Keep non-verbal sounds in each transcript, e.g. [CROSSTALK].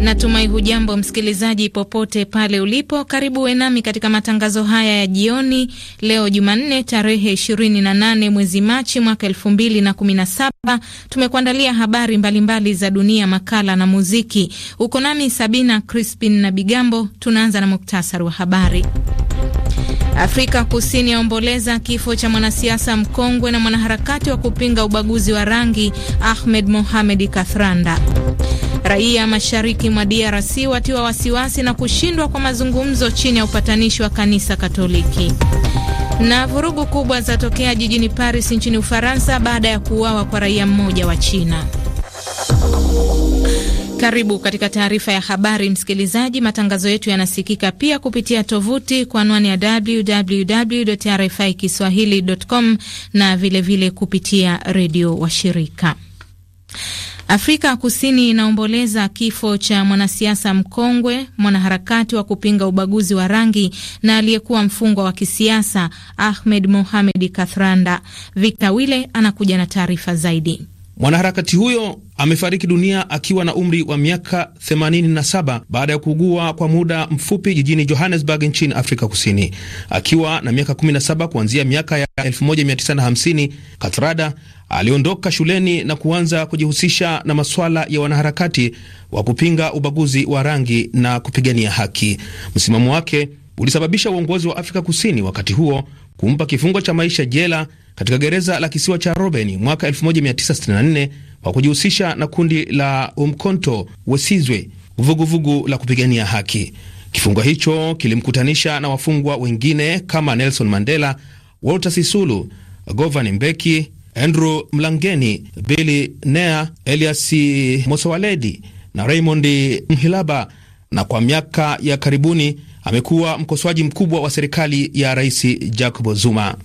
Natumai hujambo msikilizaji, popote pale ulipo. Karibu wenami nami katika matangazo haya ya jioni leo Jumanne tarehe 28 mwezi Machi mwaka 2017. Tumekuandalia habari mbalimbali mbali za dunia, makala na muziki. Uko nami Sabina Crispin na Bigambo. Tunaanza na muktasari wa habari. Afrika Kusini yaomboleza kifo cha mwanasiasa mkongwe na mwanaharakati wa kupinga ubaguzi wa rangi Ahmed Mohamed Kathranda. Raia mashariki mwa DRC watiwa wasiwasi na kushindwa kwa mazungumzo chini ya upatanishi wa kanisa Katoliki. Na vurugu kubwa zatokea jijini Paris nchini Ufaransa baada ya kuuawa kwa raia mmoja wa China. Karibu katika taarifa ya habari, msikilizaji. Matangazo yetu yanasikika pia kupitia tovuti kwa anwani ya www RFI kiswahilicom na vilevile vile kupitia redio washirika. Afrika Kusini inaomboleza kifo cha mwanasiasa mkongwe, mwanaharakati wa kupinga ubaguzi wa rangi na aliyekuwa mfungwa wa kisiasa Ahmed Mohamed Kathranda. Victor Wile anakuja na taarifa zaidi. Mwanaharakati huyo amefariki dunia akiwa na umri wa miaka 87 baada ya kuugua kwa muda mfupi jijini Johannesburg nchini Afrika Kusini. Akiwa na miaka 17 kuanzia miaka ya 1950, Katrada aliondoka shuleni na kuanza kujihusisha na masuala ya wanaharakati wa kupinga ubaguzi wa rangi na kupigania haki. Msimamo wake ulisababisha uongozi wa Afrika Kusini wakati huo kumpa kifungo cha maisha jela katika gereza la kisiwa cha Robeni mwaka 1964 kwa kujihusisha na kundi la umkonto Wesizwe, vuguvugu la kupigania haki. Kifungo hicho kilimkutanisha na wafungwa wengine kama Nelson Mandela, Walter Sisulu, Govan Mbeki, Andrew Mlangeni, Billy Nea, Elias Mosowaledi na Raymond Mhilaba, na kwa miaka ya karibuni amekuwa mkosoaji mkubwa wa serikali ya Rais Jacob Zuma.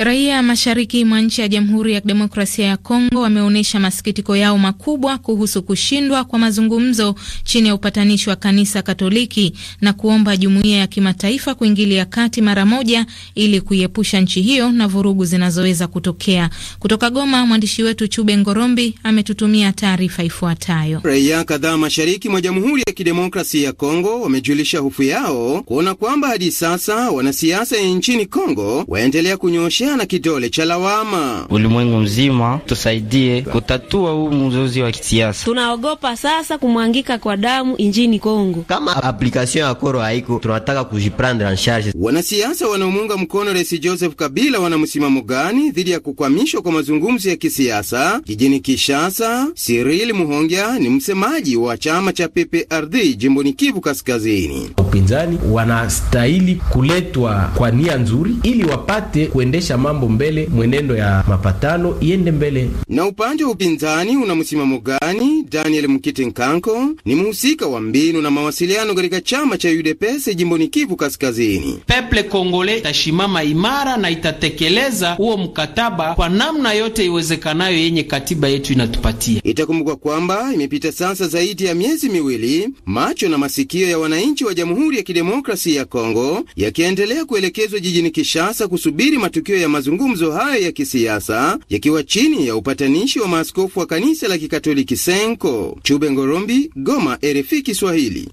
Raia mashariki mwa nchi ya Jamhuri ya Kidemokrasia ya Kongo wameonyesha masikitiko yao makubwa kuhusu kushindwa kwa mazungumzo chini ya upatanishi wa kanisa Katoliki na kuomba jumuiya ya kimataifa kuingilia kati mara moja ili kuiepusha nchi hiyo na vurugu zinazoweza kutokea. Kutoka Goma, mwandishi wetu Chube Ngorombi ametutumia taarifa ifuatayo. Raia kadhaa mashariki mwa Jamhuri ya Kidemokrasia ya Kongo wamejulisha hofu yao kuona kwamba hadi sasa wanasiasa nchini Kongo waendelea kunyosha kupeana kidole cha lawama. Ulimwengu mzima tusaidie kutatua huu mzozi wa kisiasa. Tunaogopa sasa kumwangika kwa damu injini Kongo. Kama application ya koro haiko, tunataka kujiprendre en charge. Wanasiasa wanaomuunga mkono Rais Joseph Kabila wana msimamo gani dhidi ya kukwamishwa kwa mazungumzo ya kisiasa jijini kishasa Cyril Muhongia ni msemaji wa chama cha PPRD jimboni Kivu Kaskazini. Upinzani wanastahili kuletwa kwa nia nzuri ili wapate kuendesha mambo mbele, mwenendo ya mapatano iende mbele. Na upande wa upinzani una msimamo gani? Daniel Mkite Nkanko ni mhusika wa mbinu na mawasiliano katika chama cha UDPS jimboni Kivu Kaskazini. Peple Kongole itashimama imara na itatekeleza huo mkataba kwa namna yote iwezekanayo yenye katiba yetu inatupatia. Itakumbukwa kwamba imepita sasa zaidi ya miezi miwili, macho na masikio ya wananchi wa Jamhuri ya Kidemokrasia ya Kongo yakiendelea kuelekezwa jijini kishasa kusubiri matukio ya ya mazungumzo hayo ya kisiasa yakiwa chini ya upatanishi wa maaskofu wa kanisa la Kikatoliki Senko. Chube Ngorombi, Goma, RFI Kiswahili.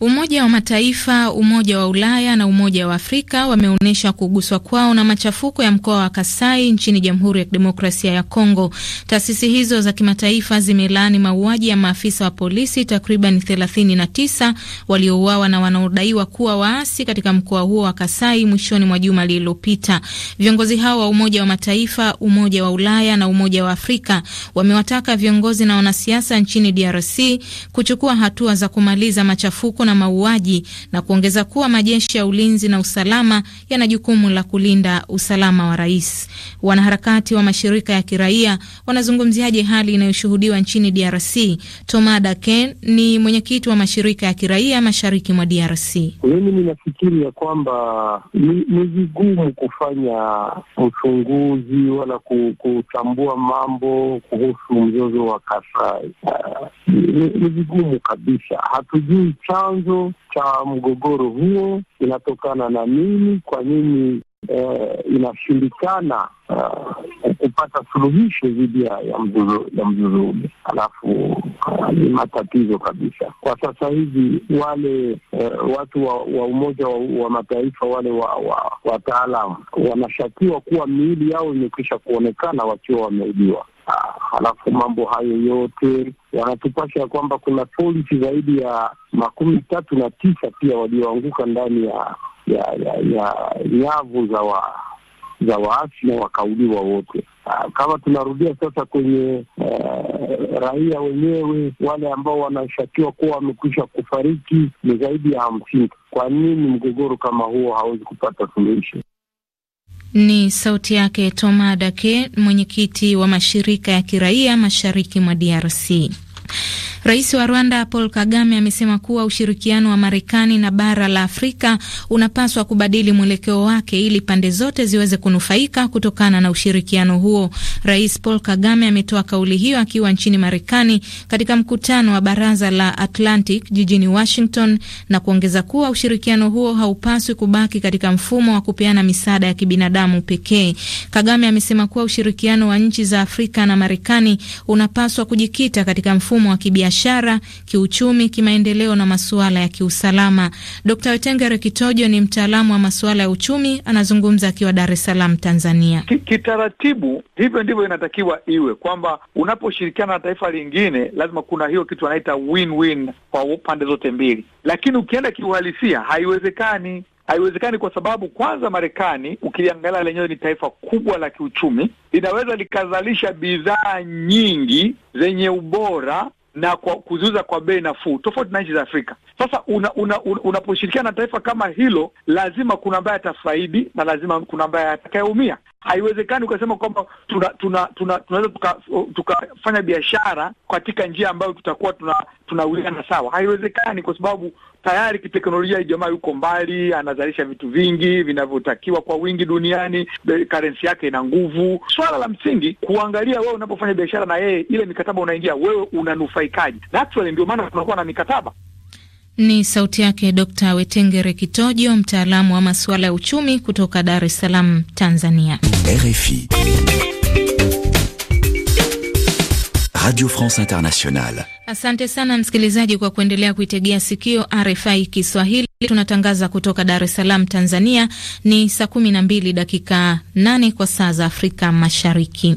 Umoja wa Mataifa, Umoja wa Ulaya na Umoja wa Afrika wameonyesha kuguswa kwao na machafuko ya mkoa wa Kasai nchini Jamhuri ya Kidemokrasia ya Kongo. Taasisi hizo za kimataifa zimelaani mauaji ya maafisa wa polisi takriban 39 waliouawa na wanaodaiwa kuwa waasi katika mkoa huo wa Kasai mwishoni mwa juma lililopita. Viongozi hao wa Umoja wa Mataifa, Umoja wa Ulaya na Umoja wa Afrika wamewataka viongozi na wanasiasa nchini DRC kuchukua hatua za kumaliza machafuko machafuko na mauaji na kuongeza kuwa majeshi ya ulinzi na usalama yana jukumu la kulinda usalama wa rais. Wanaharakati wa mashirika ya kiraia wanazungumziaje hali inayoshuhudiwa nchini DRC? Toma Daken ni mwenyekiti wa mashirika ya kiraia mashariki mwa DRC. Mimi ninafikiri ya kwamba ni vigumu kufanya uchunguzi wala kutambua mambo kuhusu mzozo wa Kasai. Uh, ni vigumu kabisa, hatujui chanzo chanzo cha mgogoro huo inatokana na nini? Kwa nini eh, inashindikana eh, kupata suluhisho dhidi ya mzozo ya ule? Alafu eh, ni eh, matatizo kabisa kwa sasa hivi. Wale eh, watu wa, wa Umoja wa, wa Mataifa wale wataalam wa, wa wanashakiwa kuwa miili yao imekwisha kuonekana wakiwa wameuliwa. Halafu ah, mambo hayo yote wanatupasha ya kwamba kuna polisi zaidi ya makumi tatu na tisa pia walioanguka ndani ya ya ya ya nyavu za wa za waasi na wakauliwa wote. Ah, kama tunarudia sasa kwenye uh, raia wenyewe wale ambao wanashakiwa kuwa wamekwisha kufariki ni zaidi ya hamsini. Kwa nini mgogoro kama huo hawezi kupata suluhisho? Ni sauti yake Toma Dake, mwenyekiti wa mashirika ya kiraia mashariki mwa DRC. Rais wa Rwanda Paul Kagame amesema kuwa ushirikiano wa Marekani na bara la Afrika unapaswa kubadili mwelekeo wake ili pande zote ziweze kunufaika kutokana na ushirikiano huo. Rais Paul Kagame ametoa kauli hiyo akiwa nchini Marekani katika mkutano wa baraza la Atlantic jijini Washington na kuongeza kuwa ushirikiano huo haupaswi kubaki katika mfumo wa kupeana misaada ya kibinadamu pekee. Kagame amesema kuwa ushirikiano wa nchi za Afrika na Marekani unapaswa kujikita katika mfumo wa kibiashara kibiashara, kiuchumi, kimaendeleo na masuala ya kiusalama. Dkt. Wetengere Kitojo ni mtaalamu wa masuala ya uchumi, anazungumza akiwa Dar es Salaam, Tanzania. Kitaratibu hivyo ndivyo inatakiwa iwe, kwamba unaposhirikiana na taifa lingine lazima kuna hiyo kitu anaita win-win kwa pande zote mbili, lakini ukienda kiuhalisia haiwezekani haiwezekani kwa sababu kwanza, Marekani ukiliangalia lenyewe ni taifa kubwa la kiuchumi, linaweza likazalisha bidhaa nyingi zenye ubora na kwa kuziuza kwa bei nafuu, tofauti na nchi za Afrika. Sasa unaposhirikiana una, una, una na taifa kama hilo, lazima kuna ambaye atafaidi na lazima kuna ambaye atakayeumia. Haiwezekani ukasema kwamba tunaweza tuna, tuna, tuna, tuka, tukafanya biashara katika njia ambayo tutakuwa tunawiana tuna sawa. Haiwezekani kwa sababu tayari kiteknolojia ijamaa yuko mbali, anazalisha vitu vingi vinavyotakiwa kwa wingi duniani, karensi yake ina nguvu. Swala la msingi kuangalia wewe unapofanya biashara na yeye, ile mikataba unaingia wewe unanufaikaje? Naturally ndio maana tunakuwa na mikataba. Ni sauti yake Dr. Wetengere Kitojo, mtaalamu wa masuala ya uchumi kutoka Dar es Salaam, Tanzania. RFI Radio France Internationale. Asante sana msikilizaji kwa kuendelea kuitegea sikio RFI Kiswahili. Tunatangaza kutoka Dar es Salaam, Tanzania. Ni saa mbili dakika 8 kwa saa za Afrika Mashariki.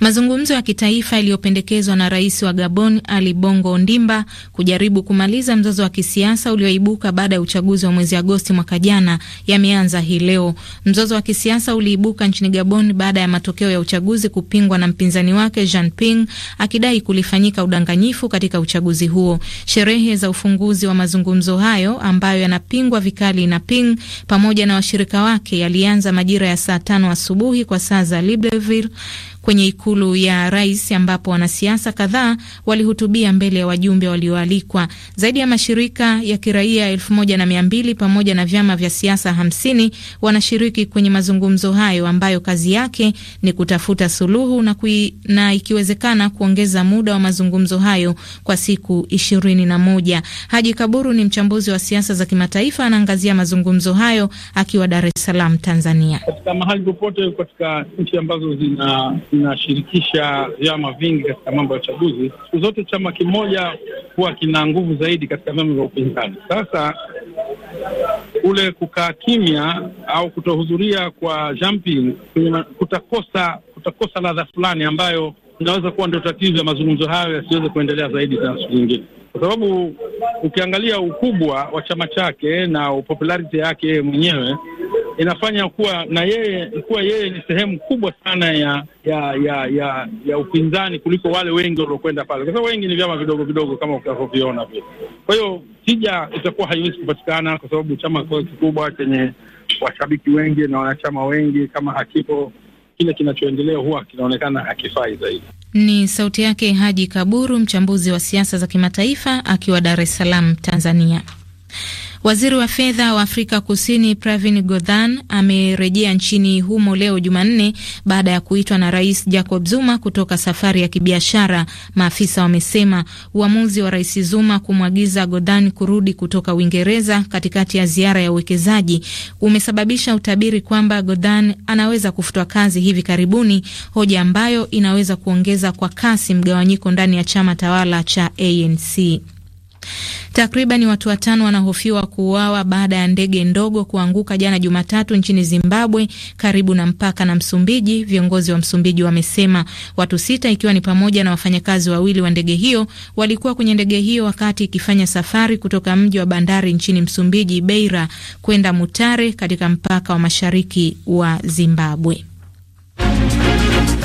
Mazungumzo ya kitaifa yaliyopendekezwa na rais wa Gabon Ali Bongo Ondimba kujaribu kumaliza mzozo wa kisiasa ulioibuka baada ya uchaguzi wa mwezi Agosti mwaka jana yameanza hii leo. Mzozo wa kisiasa uliibuka nchini Gabon baada ya matokeo ya uchaguzi kupingwa na mpinzani wake Jean Ping akidai kulifanyika udanganyifu katika uchaguzi huo. Sherehe za ufunguzi wa mazungumzo hayo ambayo yanapingwa vikali na Ping pamoja na washirika wake yalianza majira ya saa tano asubuhi kwa saa za Libreville kwenye ikulu ya rais, ambapo wanasiasa kadhaa walihutubia mbele ya wajumbe walioalikwa. Zaidi ya mashirika ya kiraia elfu moja na mia mbili pamoja na vyama vya siasa hamsini wanashiriki kwenye mazungumzo hayo ambayo kazi yake ni kutafuta suluhu na, kui, na ikiwezekana kuongeza muda wa mazungumzo hayo kwa siku ishirini na moja. Haji Kaburu ni mchambuzi wa siasa za kimataifa, anaangazia mazungumzo hayo akiwa Dar es Salaam, Tanzania. Katika mahali popote katika nchi ambazo zina inashirikisha vyama vingi katika mambo ya uchaguzi. Siku zote chama kimoja huwa kina nguvu zaidi katika vyama vya upinzani. Sasa kule kukaa kimya au kutohudhuria kwa jumping kutakosa kutakosa ladha fulani ambayo inaweza kuwa ndio tatizo ya mazungumzo hayo yasiweze kuendelea zaidi tena siku nyingine, kwa sababu ukiangalia ukubwa wa chama chake na popularity yake mwenyewe inafanya kuwa na yeye kuwa yeye ni sehemu kubwa sana ya ya ya ya, ya upinzani kuliko wale wengi waliokwenda pale, kwa sababu wengi ni vyama vidogo vidogo kama utakavyoviona vile. Kwa hiyo tija itakuwa haiwezi kupatikana, kwa sababu chama kikubwa chenye washabiki wengi na wanachama wengi kama hakipo, kile kinachoendelea huwa kinaonekana hakifai zaidi. Ni sauti yake Haji Kaburu, mchambuzi wa siasa za kimataifa akiwa Dar es Salaam, Tanzania. Waziri wa fedha wa Afrika Kusini Pravin Gordhan amerejea nchini humo leo Jumanne baada ya kuitwa na Rais Jacob Zuma kutoka safari ya kibiashara. Maafisa wamesema uamuzi wa Rais Zuma kumwagiza Gordhan kurudi kutoka Uingereza katikati ya ziara ya uwekezaji umesababisha utabiri kwamba Gordhan anaweza kufutwa kazi hivi karibuni, hoja ambayo inaweza kuongeza kwa kasi mgawanyiko ndani ya chama tawala cha ANC. Takriban watu watano wanahofiwa kuuawa baada ya ndege ndogo kuanguka jana Jumatatu nchini Zimbabwe, karibu na mpaka na Msumbiji. Viongozi wa Msumbiji wamesema watu sita, ikiwa ni pamoja na wafanyakazi wawili wa ndege hiyo, walikuwa kwenye ndege hiyo wakati ikifanya safari kutoka mji wa bandari nchini Msumbiji, Beira, kwenda Mutare katika mpaka wa mashariki wa Zimbabwe.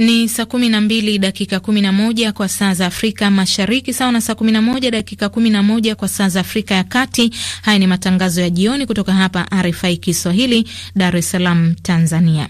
Ni saa mbili dakika kumi na moja kwa saa za Afrika Mashariki, sawa na saa kumi na moja dakika kumi na moja kwa saa za Afrika ya Kati. Haya ni matangazo ya jioni kutoka hapa RFI Kiswahili, Dar es Salaam, Tanzania.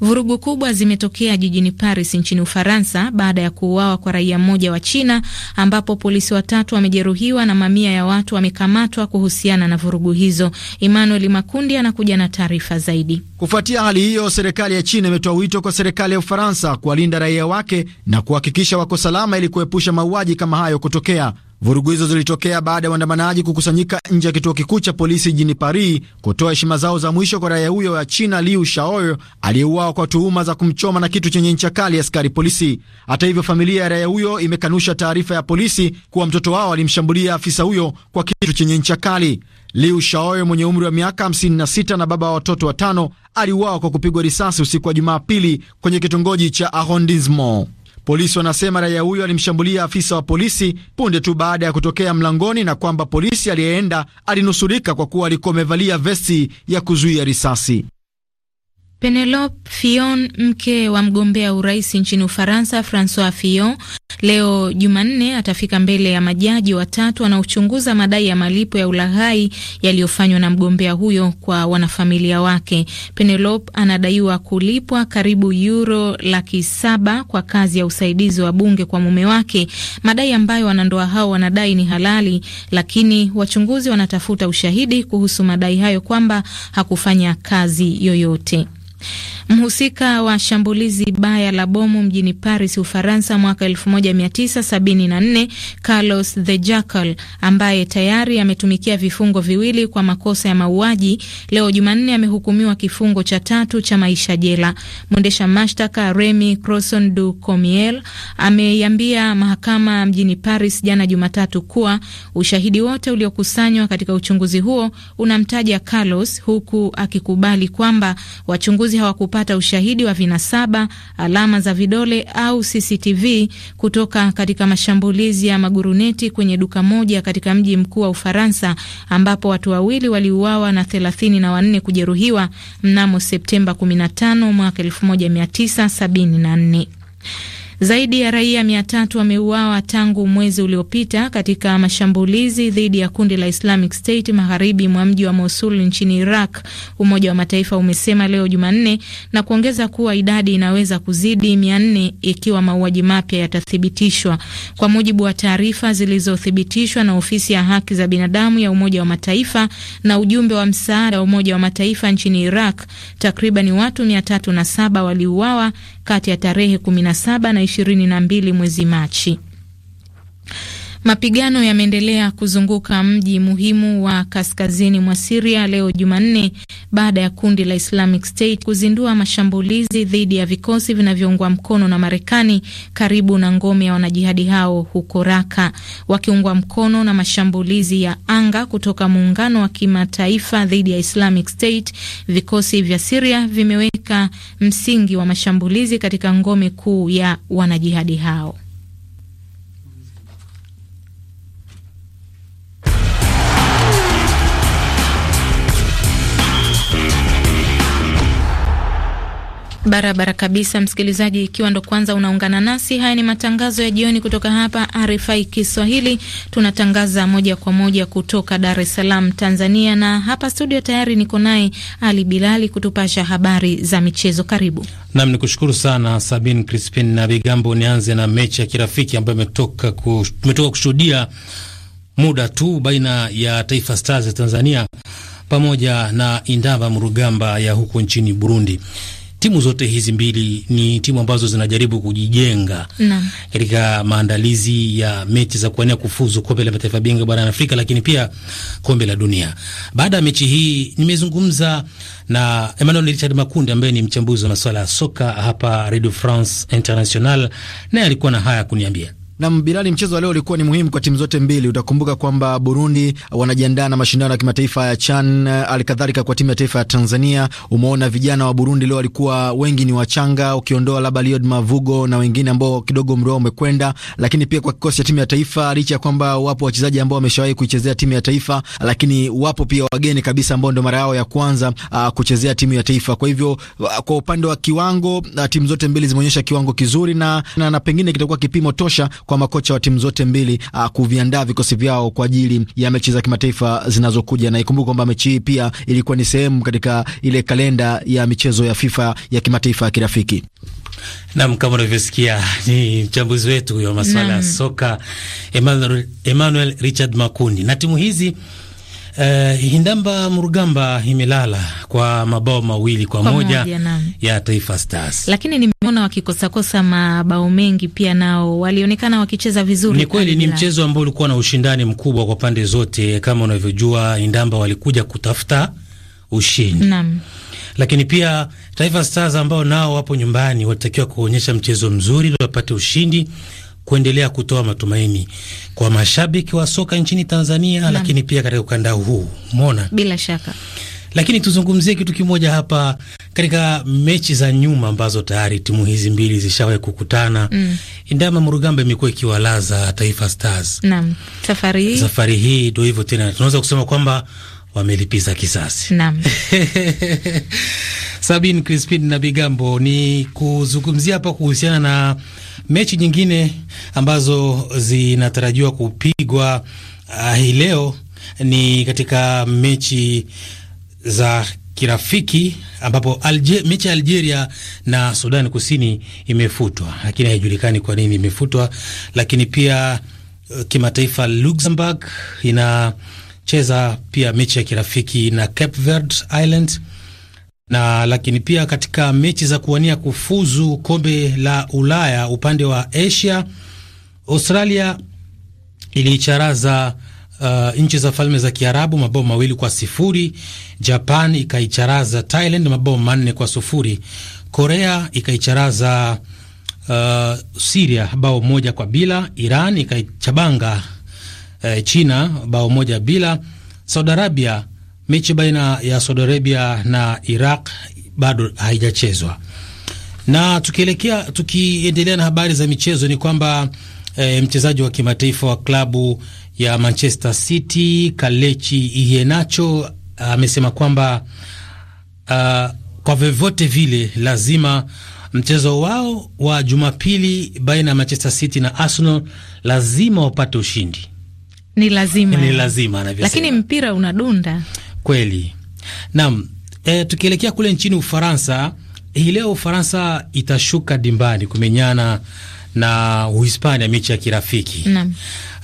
Vurugu kubwa zimetokea jijini Paris nchini Ufaransa baada ya kuuawa kwa raia mmoja wa China, ambapo polisi watatu wamejeruhiwa na mamia ya watu wamekamatwa kuhusiana na vurugu hizo. Emmanuel Makundi anakuja na taarifa zaidi. Kufuatia hali hiyo, serikali ya China imetoa wito kwa serikali ya Ufaransa kuwalinda raia wake na kuhakikisha wako salama ili kuepusha mauaji kama hayo kutokea. Vurugu hizo zilitokea baada ya waandamanaji kukusanyika nje ya kituo kikuu cha polisi jijini Paris kutoa heshima zao za mwisho kwa raia huyo wa China Liu Shaoyo aliyeuawa kwa tuhuma za kumchoma na kitu chenye ncha kali askari polisi. Hata hivyo, familia ya raia huyo imekanusha taarifa ya polisi kuwa mtoto wao alimshambulia afisa huyo kwa kitu chenye ncha kali. Liu Shaoyo mwenye umri wa miaka 56 na baba wa watoto watano aliuawa kwa kupigwa risasi usiku wa Jumapili kwenye kitongoji cha Arrondissement Polisi wanasema raia huyo alimshambulia afisa wa polisi punde tu baada ya kutokea mlangoni na kwamba polisi aliyeenda alinusurika kwa kuwa alikuwa amevalia vesti ya kuzuia risasi. Penelope fion mke wa mgombea urais nchini Ufaransa Francois fion leo Jumanne atafika mbele ya majaji watatu wanaochunguza madai ya malipo ya ulaghai yaliyofanywa na mgombea huyo kwa wanafamilia wake. Penelope anadaiwa kulipwa karibu yuro laki saba kwa kazi ya usaidizi wa bunge kwa mume wake, madai ambayo wanandoa hao wanadai ni halali, lakini wachunguzi wanatafuta ushahidi kuhusu madai hayo kwamba hakufanya kazi yoyote. Mhusika wa shambulizi baya la bomu mjini Paris, Ufaransa, mwaka 1974 Carlos the Jackal, ambaye tayari ametumikia vifungo viwili kwa makosa ya mauaji, leo Jumanne amehukumiwa kifungo cha tatu cha maisha jela. Mwendesha mashtaka Remy Crosson du Comiel ameiambia mahakama mjini Paris jana Jumatatu kuwa ushahidi wote uliokusanywa katika uchunguzi huo unamtaja Carlos, huku akikubali kwamba wachunguzi Viongozi hawakupata ushahidi wa vinasaba, alama za vidole au CCTV kutoka katika mashambulizi ya maguruneti kwenye duka moja katika mji mkuu wa Ufaransa ambapo watu wawili waliuawa na thelathini na wanne kujeruhiwa mnamo Septemba 15 mwaka 1974. Zaidi ya raia mia tatu wameuawa tangu mwezi uliopita katika mashambulizi dhidi ya kundi la Islamic State magharibi mwa mji wa Mosul nchini Iraq, Umoja wa Mataifa umesema leo Jumanne, na kuongeza kuwa idadi inaweza kuzidi mia nne ikiwa mauaji mapya yatathibitishwa, kwa mujibu wa taarifa zilizothibitishwa na ofisi ya haki za binadamu ya Umoja wa Mataifa na ujumbe wa msaada wa Umoja wa Mataifa nchini Iraq. Takriban watu mia tatu na saba waliuawa kati ya tarehe 17 na 22 mwezi Machi. Mapigano yameendelea kuzunguka mji muhimu wa kaskazini mwa Siria leo Jumanne baada ya kundi la Islamic State kuzindua mashambulizi dhidi ya vikosi vinavyoungwa mkono na Marekani karibu na ngome ya wanajihadi hao huko Raka, wakiungwa mkono na mashambulizi ya anga kutoka muungano wa kimataifa dhidi ya Islamic State. Vikosi vya Siria vimeweka msingi wa mashambulizi katika ngome kuu ya wanajihadi hao. Barabara kabisa, msikilizaji, ikiwa ndo kwanza unaungana nasi, haya ni matangazo ya jioni kutoka hapa RFI Kiswahili. Tunatangaza moja kwa moja kutoka Dar es Salaam, Tanzania, na hapa studio tayari niko naye Ali Bilali kutupasha habari za michezo. Karibu nam. Ni kushukuru sana Sabin Crispin na Bigambo. Nianze na mechi ya kirafiki ambayo imetoka kushuhudia muda tu baina ya Taifa Stars ya Tanzania pamoja na indava Murugamba ya huko nchini Burundi timu zote hizi mbili ni timu ambazo zinajaribu kujijenga katika maandalizi ya mechi za kuania kufuzu kombe la mataifa bingwa barani Afrika, lakini pia kombe la dunia. Baada ya mechi hii, nimezungumza na Emmanuel Richard makundi ambaye ni mchambuzi wa masuala ya soka hapa Radio France International, naye alikuwa na haya kuniambia. Na Bilali, mchezo wa leo ulikuwa ni muhimu kwa timu zote mbili. Utakumbuka kwamba Burundi wanajiandaa na mashindano ya kimataifa ya CHAN, alikadhalika kwa timu ya taifa ya Tanzania. Umeona vijana wa Burundi leo walikuwa wengi ni wachanga, ukiondoa labda Liod Mavugo na wengine ambao kidogo umri wao umekwenda, lakini pia kwa kikosi cha timu ya taifa, licha ya kwamba wapo wachezaji ambao wameshawahi kuichezea timu ya taifa, lakini wapo pia wageni kabisa ambao ndio mara yao ya kwanza ah, kuchezea timu ya taifa. Kwa hivyo ah, kwa upande wa kiwango ah, timu zote mbili zimeonyesha kiwango kizuri na, na, na pengine kitakuwa kipimo tosha kwa makocha wa timu zote mbili uh, kuviandaa vikosi vyao kwa ajili ya mechi za kimataifa zinazokuja, na ikumbuke kwamba mechi hii pia ilikuwa ni sehemu katika ile kalenda ya michezo ya FIFA ya kimataifa ya kirafiki. Nam, kama unavyosikia ni mchambuzi wetu huyo wa masuala ya soka Emmanuel, Emmanuel Richard Makundi na timu hizi Uh, Hindamba Murugamba imelala kwa mabao mawili kwa, kwa moja, moja ya Taifa Stars, lakini nimeona wakikosakosa mabao mengi pia, nao walionekana wakicheza vizuri. Ni kweli ni mchezo ambao ulikuwa na ushindani mkubwa kwa pande zote. Kama unavyojua, Hindamba walikuja kutafuta ushindi naam. Lakini pia Taifa Stars ambao nao wapo nyumbani walitakiwa kuonyesha mchezo mzuri ili wapate ushindi kuendelea kutoa matumaini kwa mashabiki wa soka nchini Tanzania na, lakini pia katika ukanda huu umeona, bila shaka. Lakini tuzungumzie kitu kimoja hapa katika mechi za nyuma ambazo tayari timu hizi mbili zishawahi kukutana mm. Indama Murugamba imekuwa ikiwalaza Taifa Stars. Naam, safari hii safari hii ndio hivyo tena, tunaweza kusema kwamba wamelipiza kisasi. Naam. [LAUGHS] sabin Crispin na Bigambo, ni kuzungumzia hapa kuhusiana na mechi nyingine ambazo zinatarajiwa kupigwa uh, hii leo ni katika mechi za kirafiki ambapo Alge, mechi ya Algeria na Sudan Kusini imefutwa, lakini haijulikani kwa nini imefutwa. Lakini pia uh, kimataifa, Luxembourg inacheza pia mechi ya kirafiki na Cape Verde Island na lakini pia katika mechi za kuwania kufuzu kombe la Ulaya upande wa Asia, Australia iliicharaza uh, nchi za Falme za Kiarabu mabao mawili kwa sifuri. Japan ikaicharaza Thailand mabao manne kwa sufuri. Korea ikaicharaza uh, Siria bao moja kwa bila. Iran ikaichabanga uh, China bao moja bila. Saudi Arabia mechi baina ya Saudi Arabia na Iraq bado haijachezwa. Na tukielekea tukiendelea na habari za michezo ni kwamba e, mchezaji wa kimataifa wa klabu ya Manchester City Kalechi Iheanacho amesema kwamba a, ah, kwa vyovyote vile lazima mchezo wao wa Jumapili baina ya Manchester City na Arsenal lazima wapate ushindi. Ni lazima, ni lazima, lakini mpira unadunda. Kweli nam. E, eh, tukielekea kule nchini Ufaransa, hii leo Ufaransa itashuka dimbani kumenyana na Uhispania mechi ya kirafiki.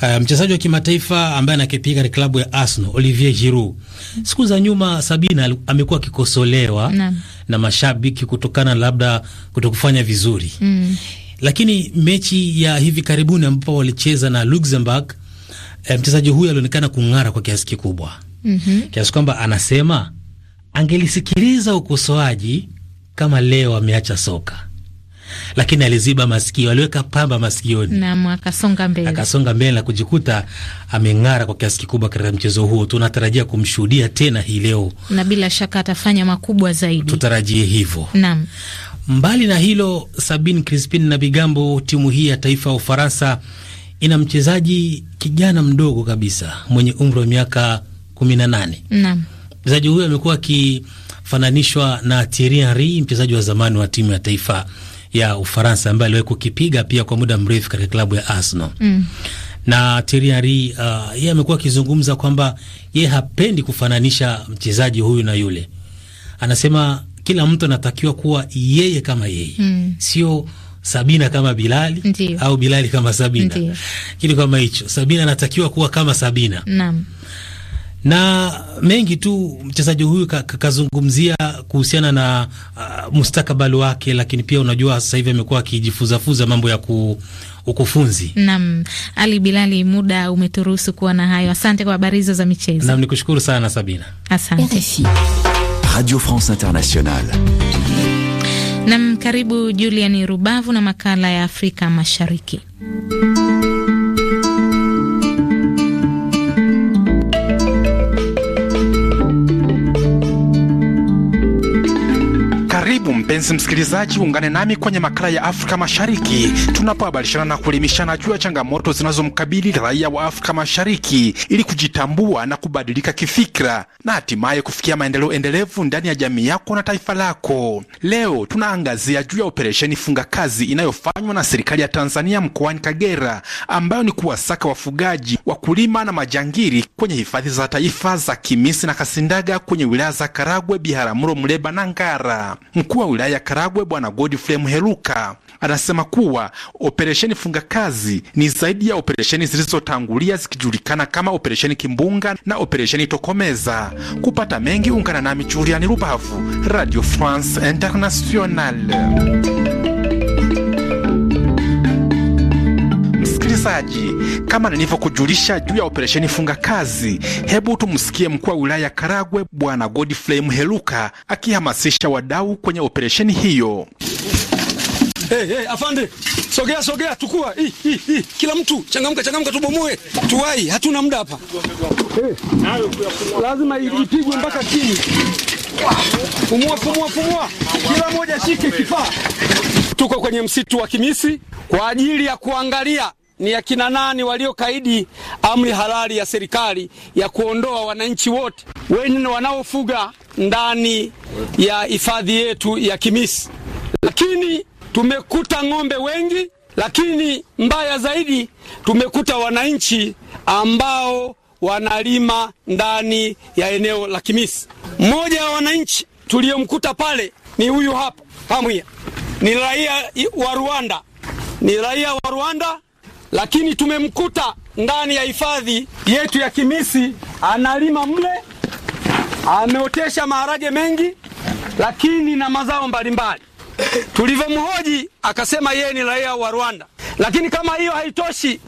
Uh, mchezaji wa kimataifa ambaye anakipiga ni klabu ya Arsenal Olivier Giroud, siku za nyuma Sabina amekuwa akikosolewa na, na mashabiki kutokana labda kutokufanya vizuri mm. Lakini mechi ya hivi karibuni ambapo walicheza na Luxembourg, eh, mchezaji huyo alionekana kung'ara kwa kiasi kikubwa mm -hmm. kiasi kwamba anasema angelisikiliza ukosoaji kama leo ameacha soka, lakini aliziba masikio, aliweka pamba masikioni, naam, akasonga mbele, akasonga mbele na kujikuta ameng'ara kwa kiasi kikubwa katika mchezo huo. Tunatarajia kumshuhudia tena hii leo, na bila shaka atafanya makubwa zaidi, tutarajie hivyo. nam. Mbali na hilo, Sabin Crispin na Bigambo, timu hii ya taifa ya Ufaransa ina mchezaji kijana mdogo kabisa mwenye umri wa miaka kumi na nane. Mchezaji huyo amekuwa akifananishwa na Thierry Henry, mchezaji wa zamani wa timu ya taifa ya Ufaransa ambaye aliwahi kukipiga pia kwa muda mrefu katika klabu ya Arsenal. Mm. Na Thierry Henry uh, yeye amekuwa akizungumza kwamba yeye hapendi kufananisha mchezaji huyu na yule. Anasema kila mtu anatakiwa kuwa yeye kama yeye. Mm. Sio Sabina kama Bilali Ndiyo. au Bilali kama Sabina. Ndiyo. Kitu kama hicho. Sabina anatakiwa kuwa kama Sabina. Naam na mengi tu mchezaji huyu kazungumzia kuhusiana na uh, mustakabali wake, lakini pia unajua sasa hivi amekuwa akijifuzafuza mambo ya ku ukufunzi. Naam, Ali Bilali, muda umeturuhusu kuwa na hayo. Asante kwa habari hizo za michezo. Naam, nikushukuru sana Sabina. Asante. Radio France Internationale. Naam, karibu Julian Rubavu na makala ya Afrika Mashariki. Mpenzi msikilizaji, ungane nami kwenye makala ya Afrika Mashariki tunapohabarishana na kuelimishana juu ya changamoto zinazomkabili raia wa Afrika Mashariki ili kujitambua na kubadilika kifikra na hatimaye kufikia maendeleo endelevu ndani ya jamii yako na taifa lako. Leo tunaangazia juu ya operesheni funga kazi inayofanywa na serikali ya Tanzania mkoani Kagera, ambayo ni kuwasaka wafugaji, wakulima na majangiri kwenye hifadhi za taifa za Kimisi na Kasindaga kwenye wilaya za Karagwe, Biharamulo, mleba na Ngara. Mkuu wa wilaya wilaya ya Karagwe, Bwana Godfrey mheruka anasema kuwa operesheni funga kazi ni zaidi ya operesheni zilizotangulia zikijulikana kama operesheni Kimbunga na operesheni Tokomeza. Kupata mengi, ungana nami Juliani Rubavu, Radio France Internationale. Msikilizaji, kama nilivyokujulisha juu ya operesheni funga kazi, hebu tumsikie mkuu wa wilaya Karagwe Bwana Godfrey Mheluka akihamasisha wadau kwenye operesheni hiyo. Hey, hey, afande, sogea sogea, tukua hi, hi, hi. Kila mtu changamka changamka, tubomoe tuwai, hatuna muda hapa hey. Lazima ipigwe mpaka chini. Pumua pumua pumua, kila mmoja shike kifaa. Tuko kwenye msitu wa Kimisi kwa ajili ya kuangalia ni akina nani waliokaidi amri halali ya serikali ya kuondoa wananchi wote wenye wanaofuga ndani ya hifadhi yetu ya Kimisi. Lakini tumekuta ng'ombe wengi, lakini mbaya zaidi tumekuta wananchi ambao wanalima ndani ya eneo la Kimisi. Mmoja wa wananchi tuliyomkuta pale ni huyu hapa kamwia ni raia wa Rwanda, ni raia wa Rwanda lakini tumemkuta ndani ya hifadhi yetu ya Kimisi analima mle, ameotesha maharage mengi, lakini na mazao mbalimbali. Tulivyomhoji akasema yeye ni raia wa Rwanda, lakini kama hiyo haitoshi,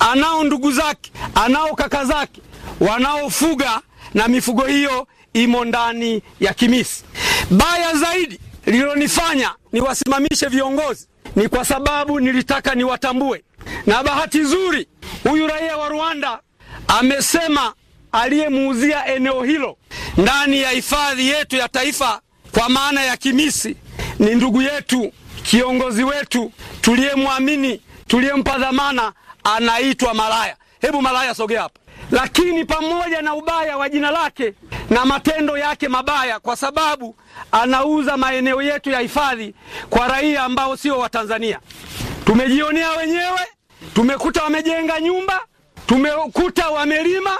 anao ndugu zake, anao kaka zake wanaofuga na mifugo hiyo imo ndani ya Kimisi. Baya zaidi lililonifanya niwasimamishe viongozi ni kwa sababu nilitaka niwatambue na bahati nzuri, huyu raia wa Rwanda amesema aliyemuuzia eneo hilo ndani ya hifadhi yetu ya taifa kwa maana ya Kimisi ni ndugu yetu, kiongozi wetu tuliyemwamini, tuliyempa dhamana, anaitwa Malaya. Hebu Malaya, sogea hapa. Lakini pamoja na ubaya wa jina lake na matendo yake mabaya, kwa sababu anauza maeneo yetu ya hifadhi kwa raia ambao sio Watanzania, Tumejionea wenyewe, tumekuta wamejenga nyumba, tumekuta wamelima,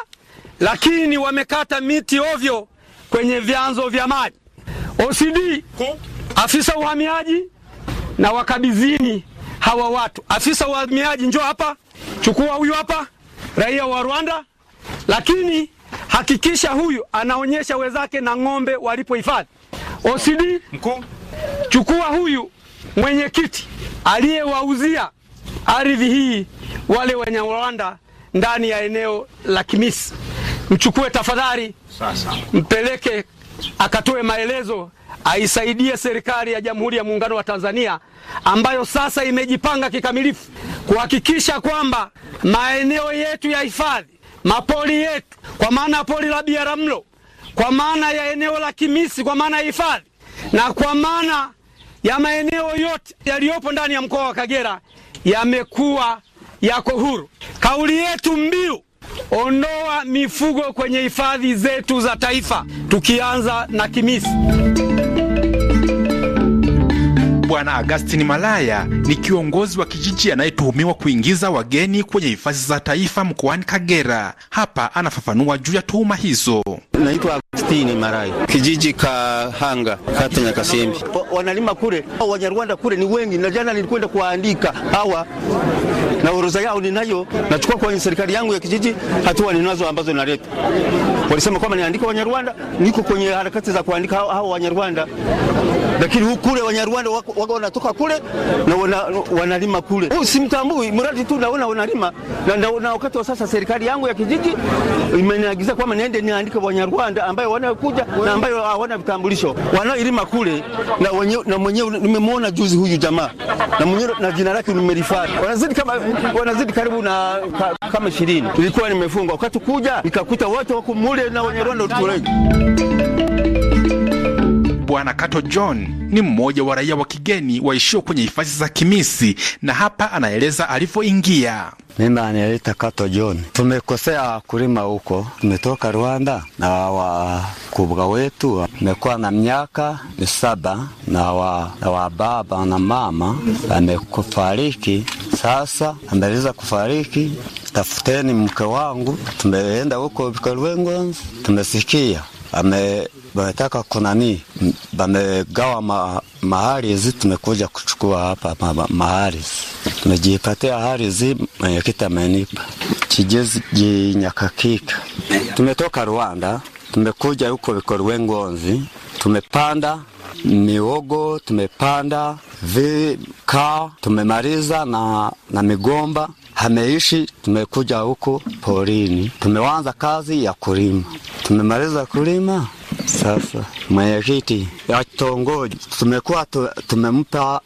lakini wamekata miti ovyo kwenye vyanzo vya maji. OCD, afisa uhamiaji, na wakabizini hawa watu. Afisa uhamiaji, njoo hapa, chukua huyu hapa, raia wa Rwanda, lakini hakikisha huyu anaonyesha wenzake na ng'ombe walipohifadhi. OCD, mkuu, chukua huyu mwenyekiti aliyewauzia ardhi hii wale Wanyarwanda ndani ya eneo la Kimisi, mchukue tafadhali sasa, mpeleke akatoe maelezo, aisaidie serikali ya Jamhuri ya Muungano wa Tanzania ambayo sasa imejipanga kikamilifu kuhakikisha kwamba maeneo yetu ya hifadhi, mapori yetu, kwa maana ya pori la Biaramlo, kwa maana ya eneo la Kimisi, kwa maana ya hifadhi na kwa maana ya maeneo yote yaliyopo ndani ya mkoa wa Kagera yamekuwa yako huru. Kauli yetu mbiu, ondoa mifugo kwenye hifadhi zetu za taifa, tukianza na Kimisi. Bwana Agustin Malaya ni kiongozi wa kijiji anayetuhumiwa kuingiza wageni kwenye hifadhi za taifa mkoani Kagera. Hapa anafafanua juu ya tuhuma hizo. Naitwa Agustini Marai, kijiji ka Kahanga, kata Nyakasembi. Wanalima kule au Wanyarwanda kule ni wengi, na jana nilikwenda kuwaandika hawa na orodha yao ninayo, nachukua kwa serikali yangu ya kijiji. Hatua ninazo ambazo naleta, walisema kwamba niandike Wanyarwanda, niko kwenye harakati za kuandika hao Wanyarwanda, lakini huku kule Wanyarwanda wako wanatoka kule na wana, wanalima kule, simtambui mradi tu naona wanalima na, na, na wakati wa sasa serikali yangu ya kijiji imeniagiza kwamba niende niandike Wanyarwanda. Wanyarwanda ambayo wanakuja na ambayo hawana vitambulisho wanaoilima kule, na wenyewe na mwenyewe nimemwona juzi huyu jamaa na mwenyewe na jina lake nimerifari, wanazidi kama wanazidi karibu na ka, kama 20 tulikuwa nimefungwa wakati kuja nikakuta wote wako mule na Wanyarwanda utukolege Bwana Kato John ni mmoja wa raia wa kigeni waishio kwenye hifadhi za Kimisi, na hapa anaeleza alivyoingia. Mimi anaelita Kato John, tumekosea kulima huko, tumetoka Rwanda na wakubwa wetu amekuwa na miaka saba na wa, na wa baba na mama amekufariki. Sasa ameweza kufariki, tafuteni mke wangu. Tumeenda huko Bikalwengo, tumesikia ame kunani, bamegawa ma, maharizi. Tumekuja kuchukua hapa ma, maharizi, tumejipatia harizi. Mwenyekiti amenipa kijezi jinyakakika. Tumetoka Rwanda, tumekuja huko Bikorwe Ngonzi, tumepanda miogo, tumepanda vikaa, tumemaliza na, na migomba Hameishi tumekuja huko porini, tumeanza kazi ya kulima, tumemaliza kulima. Sasa mwenyekiti ya kitongoji tumekuwa tumempa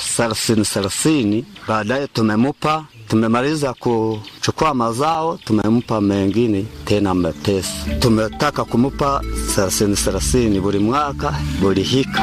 thelathini thelathini, baadaye tumemupa tumemaliza kuchukua mazao, tumempa mengine tena mepesi. Tumetaka kumupa thelathini thelathini buli mwaka buli hika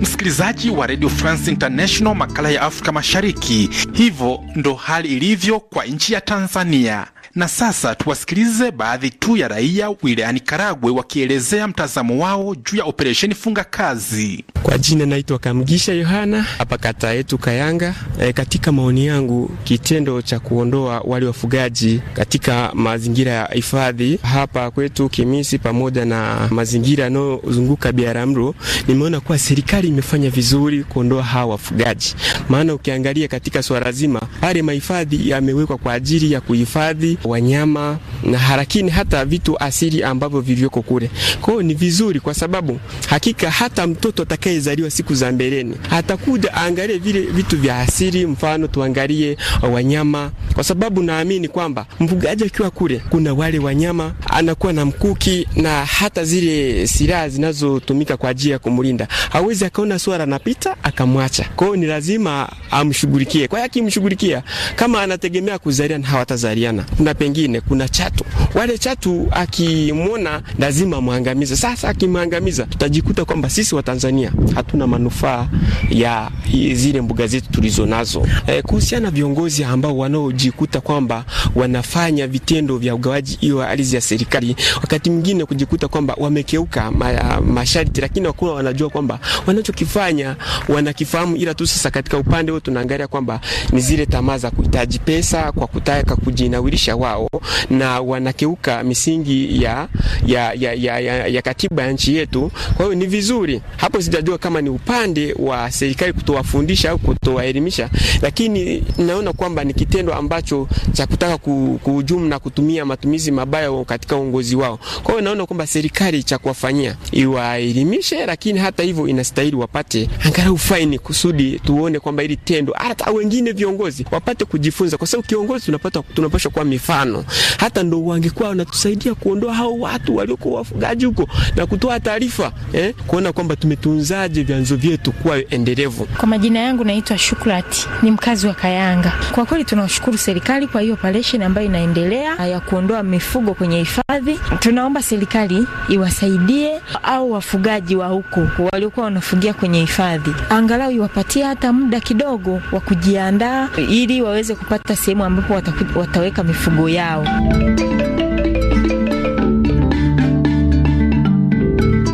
msikilizaji wa Radio France International, makala ya Afrika Mashariki. Hivyo ndo hali ilivyo kwa nchi ya Tanzania. Na sasa tuwasikilize baadhi tu ya raia wilayani Karagwe wakielezea mtazamo wao juu ya operesheni funga kazi. Kwa jina naitwa Kamgisha Yohana, hapa kata yetu Kayanga. E, katika maoni yangu kitendo cha kuondoa wale wafugaji katika mazingira ya hifadhi hapa kwetu Kimisi pamoja na mazingira yanayozunguka Biaramro, nimeona kuwa serikali serikali imefanya vizuri kuondoa hawa wafugaji, maana ukiangalia katika swala zima pale mahifadhi yamewekwa kwa ajili ya kuhifadhi wanyama na harakini hata vitu asili ambavyo vilivyoko kule. Kwa hiyo ni vizuri, kwa sababu hakika hata mtoto atakayezaliwa siku za mbeleni atakuja aangalie vile vitu vya asili, mfano tuangalie wanyama, kwa sababu naamini kwamba mfugaji akiwa kule, kuna wale wanyama anakuwa na mkuki na hata zile silaha zinazotumika kwa ajili ya kumlinda hawezi akaona swala anapita akamwacha. Kwa hiyo ni lazima amshughulikie. Kwa hiyo akimshughulikia, kama anategemea kuzaliana, hawatazaliana. Kuna pengine kuna chatu, wale chatu akimwona lazima amwangamize. Sasa akimwangamiza, tutajikuta kwamba sisi Watanzania hatuna manufaa ya zile mbuga zetu tulizo nazo. E, kuhusiana na viongozi ambao wanaojikuta kwamba wanafanya vitendo vya ugawaji hiyo ardhi ya serikali, wakati mwingine kujikuta kwamba wamekeuka ma, masharti, lakini wakuwa wanajua kwamba wana wanachokifanya wanakifahamu, ila tu sasa katika upande huo tunaangalia kwamba ni zile tamaa za kuhitaji pesa kwa kutaka kujinawilisha wao, na wanakeuka misingi ya, ya, ya, ya, ya, ya katiba ya nchi yetu. Kwa hiyo ni vizuri hapo, sijajua kama ni upande wa serikali kutowafundisha au kutowaelimisha, lakini naona kwamba ni kitendo ambacho cha kutaka kuhujumu na kutumia matumizi mabaya katika uongozi wao. Kwa hiyo naona kwamba serikali cha kuwafanyia iwaelimishe, lakini hata hivyo inastahili ili wapate angalau faini kusudi tuone kwamba ili tendo hata wengine viongozi wapate kujifunza, kwa sababu kiongozi tunapata tunapaswa kuwa mifano. Hata ndo wangekuwa wanatusaidia kuondoa hao watu waliokuwa wafugaji huko na kutoa taarifa eh, kuona kwamba tumetunzaje vyanzo vyetu kuwa endelevu. Kwa majina yangu naitwa Shukrati, ni mkazi wa Kayanga. Kwa kweli tunashukuru serikali kwa hiyo operation ambayo inaendelea ah, ya kuondoa mifugo kwenye hifadhi. Tunaomba serikali iwasaidie au wafugaji wa huko waliokuwa wanafugia kuingia kwenye hifadhi, angalau iwapatie hata muda kidogo wa kujiandaa ili waweze kupata sehemu ambapo wataweka mifugo yao.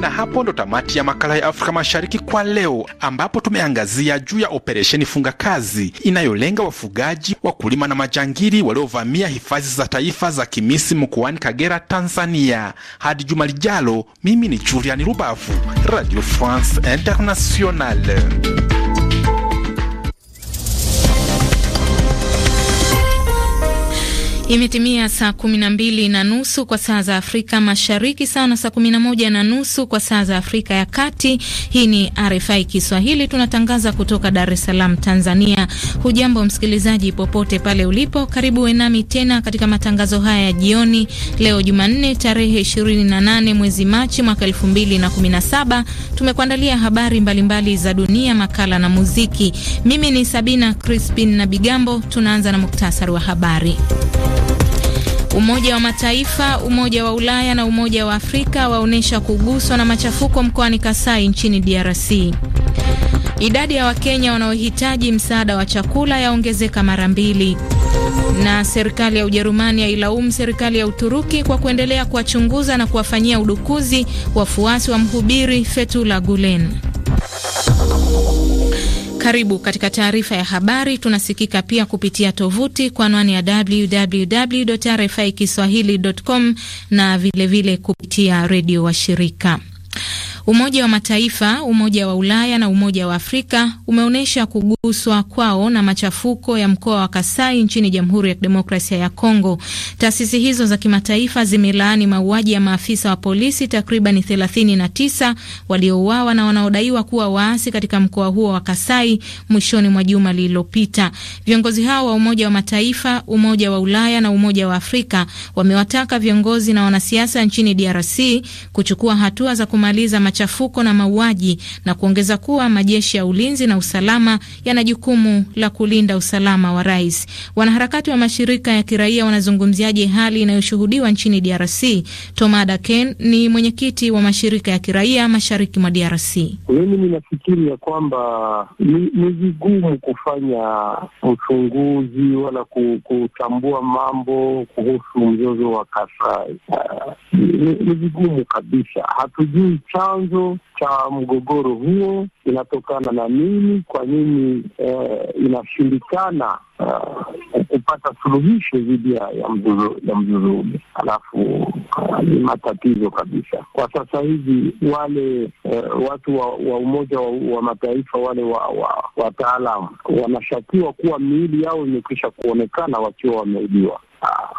Na hapo ndo tamati ya makala ya Afrika Mashariki kwa leo, ambapo tumeangazia juu ya operesheni funga kazi inayolenga wafugaji, wakulima na majangili waliovamia hifadhi za taifa za Kimisi mkoani Kagera, Tanzania. Hadi juma lijalo, mimi ni Juliani Rubavu, Radio France Internationale. Imetimia saa kumi na mbili na nusu kwa saa za Afrika Mashariki, sawa na saa kumi na moja na nusu kwa saa za Afrika ya Kati. Hii ni RFI Kiswahili, tunatangaza kutoka Dar es Salaam, Tanzania. Hujambo msikilizaji, popote pale ulipo, karibu wenami tena katika matangazo haya ya jioni leo Jumanne tarehe 28 mwezi Machi mwaka 2017. Tumekuandalia habari mbalimbali mbali za dunia, makala na muziki. Mimi ni Sabina Crispin na Bigambo. Tunaanza na muktasari wa habari. Umoja wa Mataifa, Umoja wa Ulaya na Umoja wa Afrika waonyesha kuguswa na machafuko mkoani Kasai nchini DRC. Idadi ya Wakenya wanaohitaji msaada wa chakula yaongezeka mara mbili. Na serikali ya Ujerumani yailaumu serikali ya Uturuki kwa kuendelea kuwachunguza na kuwafanyia udukuzi wafuasi wa mhubiri Fethullah Gulen. Karibu katika taarifa ya habari. Tunasikika pia kupitia tovuti kwa anwani ya www RFI kiswahili.com na vilevile vile kupitia redio wa shirika Umoja wa Mataifa, Umoja wa Ulaya na Umoja wa Afrika umeonyesha kuguswa kwao na machafuko ya mkoa wa Kasai nchini Jamhuri ya Kidemokrasia ya Kongo. Taasisi hizo za kimataifa zimelaani mauaji ya maafisa wa polisi takriban 39 waliouawa na wanaodaiwa kuwa waasi katika mkoa huo wa Kasai mwishoni mwa juma lililopita. Viongozi hao wa Umoja wa Mataifa, Umoja wa Ulaya na Umoja wa Afrika wamewataka viongozi na wanasiasa nchini DRC kuchukua hatua za kumaliza machafuko na mauaji na kuongeza kuwa majeshi ya ulinzi na usalama yana jukumu la kulinda usalama wa rais. Wanaharakati wa mashirika ya kiraia wanazungumziaje hali inayoshuhudiwa nchini DRC? Toma Daken ni mwenyekiti wa mashirika ya kiraia mashariki mwa DRC. Mimi ninafikiri ya kwamba ni vigumu kufanya uchunguzi wala kutambua mambo kuhusu mzozo wa Kasai. Uh, ni vigumu kabisa, hatujui chanzo chanzo cha mgogoro huo inatokana na nini? Kwa nini eh, inashindikana uh, kupata suluhisho dhidi ya mzozo ya mzozo ule? Alafu ah, ni matatizo kabisa kwa sasa hivi wale eh, watu wa, wa Umoja wa, wa Mataifa wale wataalam wa, wa wanashakiwa kuwa miili yao imekwisha kuonekana wakiwa wameuliwa.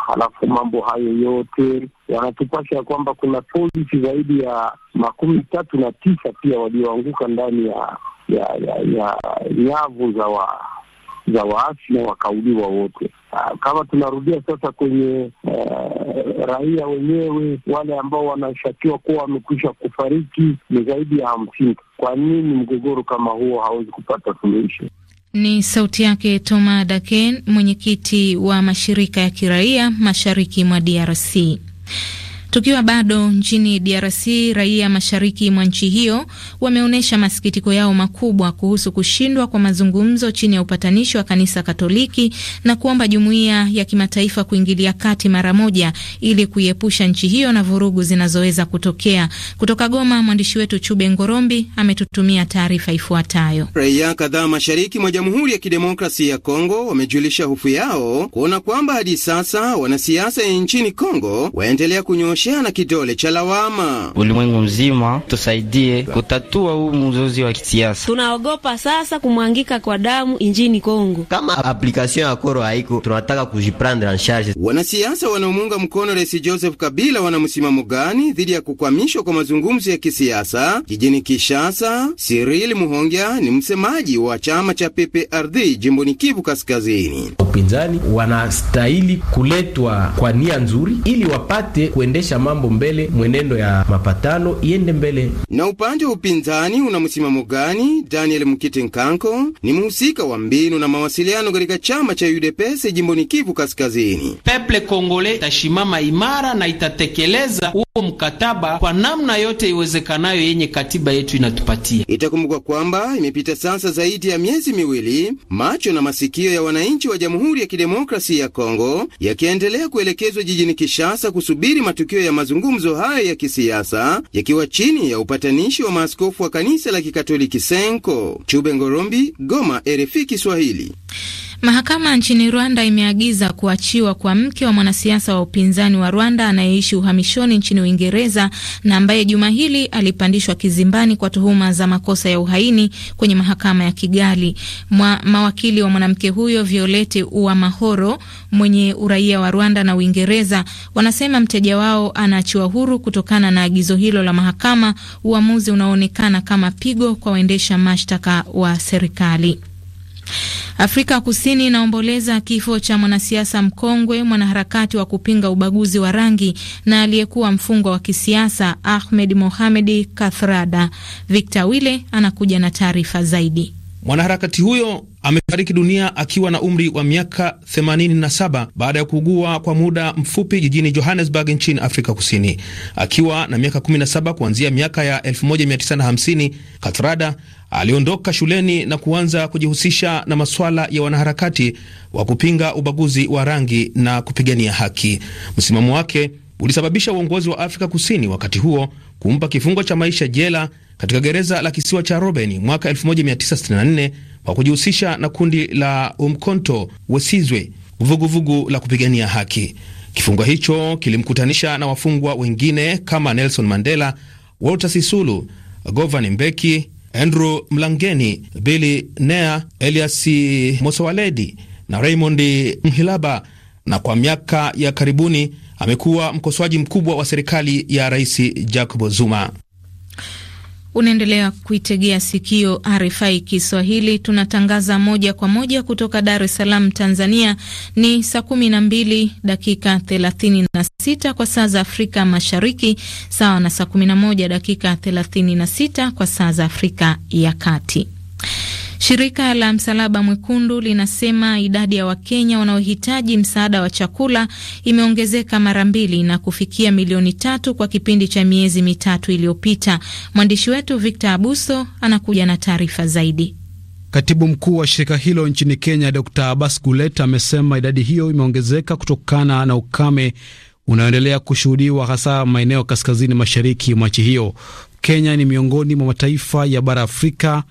Halafu mambo hayo yote yanatupasha ya kwamba kuna polisi zaidi ya makumi tatu na tisa pia walioanguka ndani ya ya ya, ya nyavu za wa za waasi na wakauliwa wote. Ah, kama tunarudia sasa kwenye uh, raia wenyewe wale ambao wanashakiwa kuwa wamekwisha kufariki ni zaidi ya hamsini. Kwa nini mgogoro kama huo hawezi kupata suluhisho? Ni sauti yake Toma Daken, mwenyekiti wa mashirika ya kiraia mashariki mwa DRC. Tukiwa bado nchini DRC, raia mashariki mwa nchi hiyo wameonyesha masikitiko yao makubwa kuhusu kushindwa kwa mazungumzo chini ya upatanishi wa kanisa Katoliki na kuomba jumuiya ya kimataifa kuingilia kati mara moja ili kuiepusha nchi hiyo na vurugu zinazoweza kutokea. Kutoka Goma, mwandishi wetu Chube Ngorombi ametutumia taarifa ifuatayo. Raia kadhaa mashariki mwa Jamhuri ya Kidemokrasia ya Kongo wamejulisha hofu yao kuona kwamba hadi sasa wanasiasa nchini Kongo waendelea kunyosha kuonyeshana kidole cha lawama. Ulimwengu mzima tusaidie kutatua huu mzozi wa kisiasa. Tunaogopa sasa kumwangika kwa damu injini Kongo. Kama application ya koro haiko, tunataka kujiprendre en charge. Wanasiasa wanaomuunga mkono Rais Joseph Kabila wana msimamo gani dhidi ya kukwamishwa kwa mazungumzo ya kisiasa jijini Kishasa? Cyril Muhongia ni msemaji wa chama cha PPRD jimboni Kivu Kaskazini. Upinzani wanastahili kuletwa kwa nia nzuri ili wapate kuendesha kuendesha mambo mbele, mwenendo ya mapatano iende mbele. Na upande wa upinzani una msimamo gani? Daniel Mkite Nkanko ni mhusika wa mbinu na mawasiliano katika chama cha UDPS jimboni Kivu Kaskazini. Peple Kongole itashimama imara na itatekeleza mkataba kwa namna yote iwezekanayo yenye katiba yetu inatupatia. Itakumbukwa kwamba imepita sasa zaidi ya miezi miwili, macho na masikio ya wananchi wa Jamhuri ya Kidemokrasia ya Kongo yakiendelea kuelekezwa jijini kishasa kusubiri matukio ya mazungumzo hayo ya kisiasa yakiwa chini ya upatanishi wa maaskofu wa kanisa la Kikatoliki Senko. Chube Ngorombi, Goma, RFI Kiswahili. Mahakama nchini Rwanda imeagiza kuachiwa kwa mke wa mwanasiasa wa upinzani wa Rwanda anayeishi uhamishoni nchini Uingereza na ambaye juma hili alipandishwa kizimbani kwa tuhuma za makosa ya uhaini kwenye mahakama ya Kigali. Mwa, mawakili wa mwanamke huyo Violete Uwamahoro mwenye uraia wa Rwanda na Uingereza wanasema mteja wao anaachiwa huru kutokana na agizo hilo la mahakama, uamuzi unaoonekana kama pigo kwa waendesha mashtaka wa serikali. Afrika Kusini inaomboleza kifo cha mwanasiasa mkongwe, mwanaharakati wa kupinga ubaguzi wa rangi na aliyekuwa mfungwa wa kisiasa Ahmed Mohamed Kathrada. Victor Wile anakuja na taarifa zaidi. Mwanaharakati huyo amefariki dunia akiwa na umri wa miaka 87 baada ya kuugua kwa muda mfupi jijini Johannesburg nchini Afrika Kusini. Akiwa na miaka 17 kuanzia miaka ya 1950, Kathrada aliondoka shuleni na kuanza kujihusisha na masuala ya wanaharakati wa kupinga ubaguzi wa rangi na kupigania haki. Msimamo wake ulisababisha uongozi wa Afrika Kusini wakati huo kumpa kifungo cha maisha jela katika gereza la kisiwa cha Robben mwaka 1964 kwa kujihusisha na kundi la Umkhonto Wesizwe, vuguvugu la kupigania haki. Kifungo hicho kilimkutanisha na wafungwa wengine kama Nelson Mandela, Walter Sisulu, Govan Mbeki, Andrew Mlangeni, Billy Nea, Elias Mosowaledi na Raymond Mhilaba, na kwa miaka ya karibuni amekuwa mkosoaji mkubwa wa serikali ya Rais Jacob Zuma. Unaendelea kuitegea sikio RFI Kiswahili, tunatangaza moja kwa moja kutoka Dar es Salaam, Tanzania. Ni saa 12 dakika 36 kwa saa za Afrika Mashariki, sawa na saa 11 dakika 36 kwa saa za Afrika ya Kati. Shirika la Msalaba Mwekundu linasema idadi ya Wakenya wanaohitaji msaada wa chakula imeongezeka mara mbili na kufikia milioni tatu kwa kipindi cha miezi mitatu iliyopita. Mwandishi wetu Victor Abuso anakuja na taarifa zaidi. Katibu mkuu wa shirika hilo nchini Kenya, Dr Abbas Gulet, amesema idadi hiyo imeongezeka kutokana na ukame unaoendelea kushuhudiwa hasa maeneo kaskazini mashariki mwa nchi hiyo. Kenya ni miongoni mwa mataifa ya bara Afrika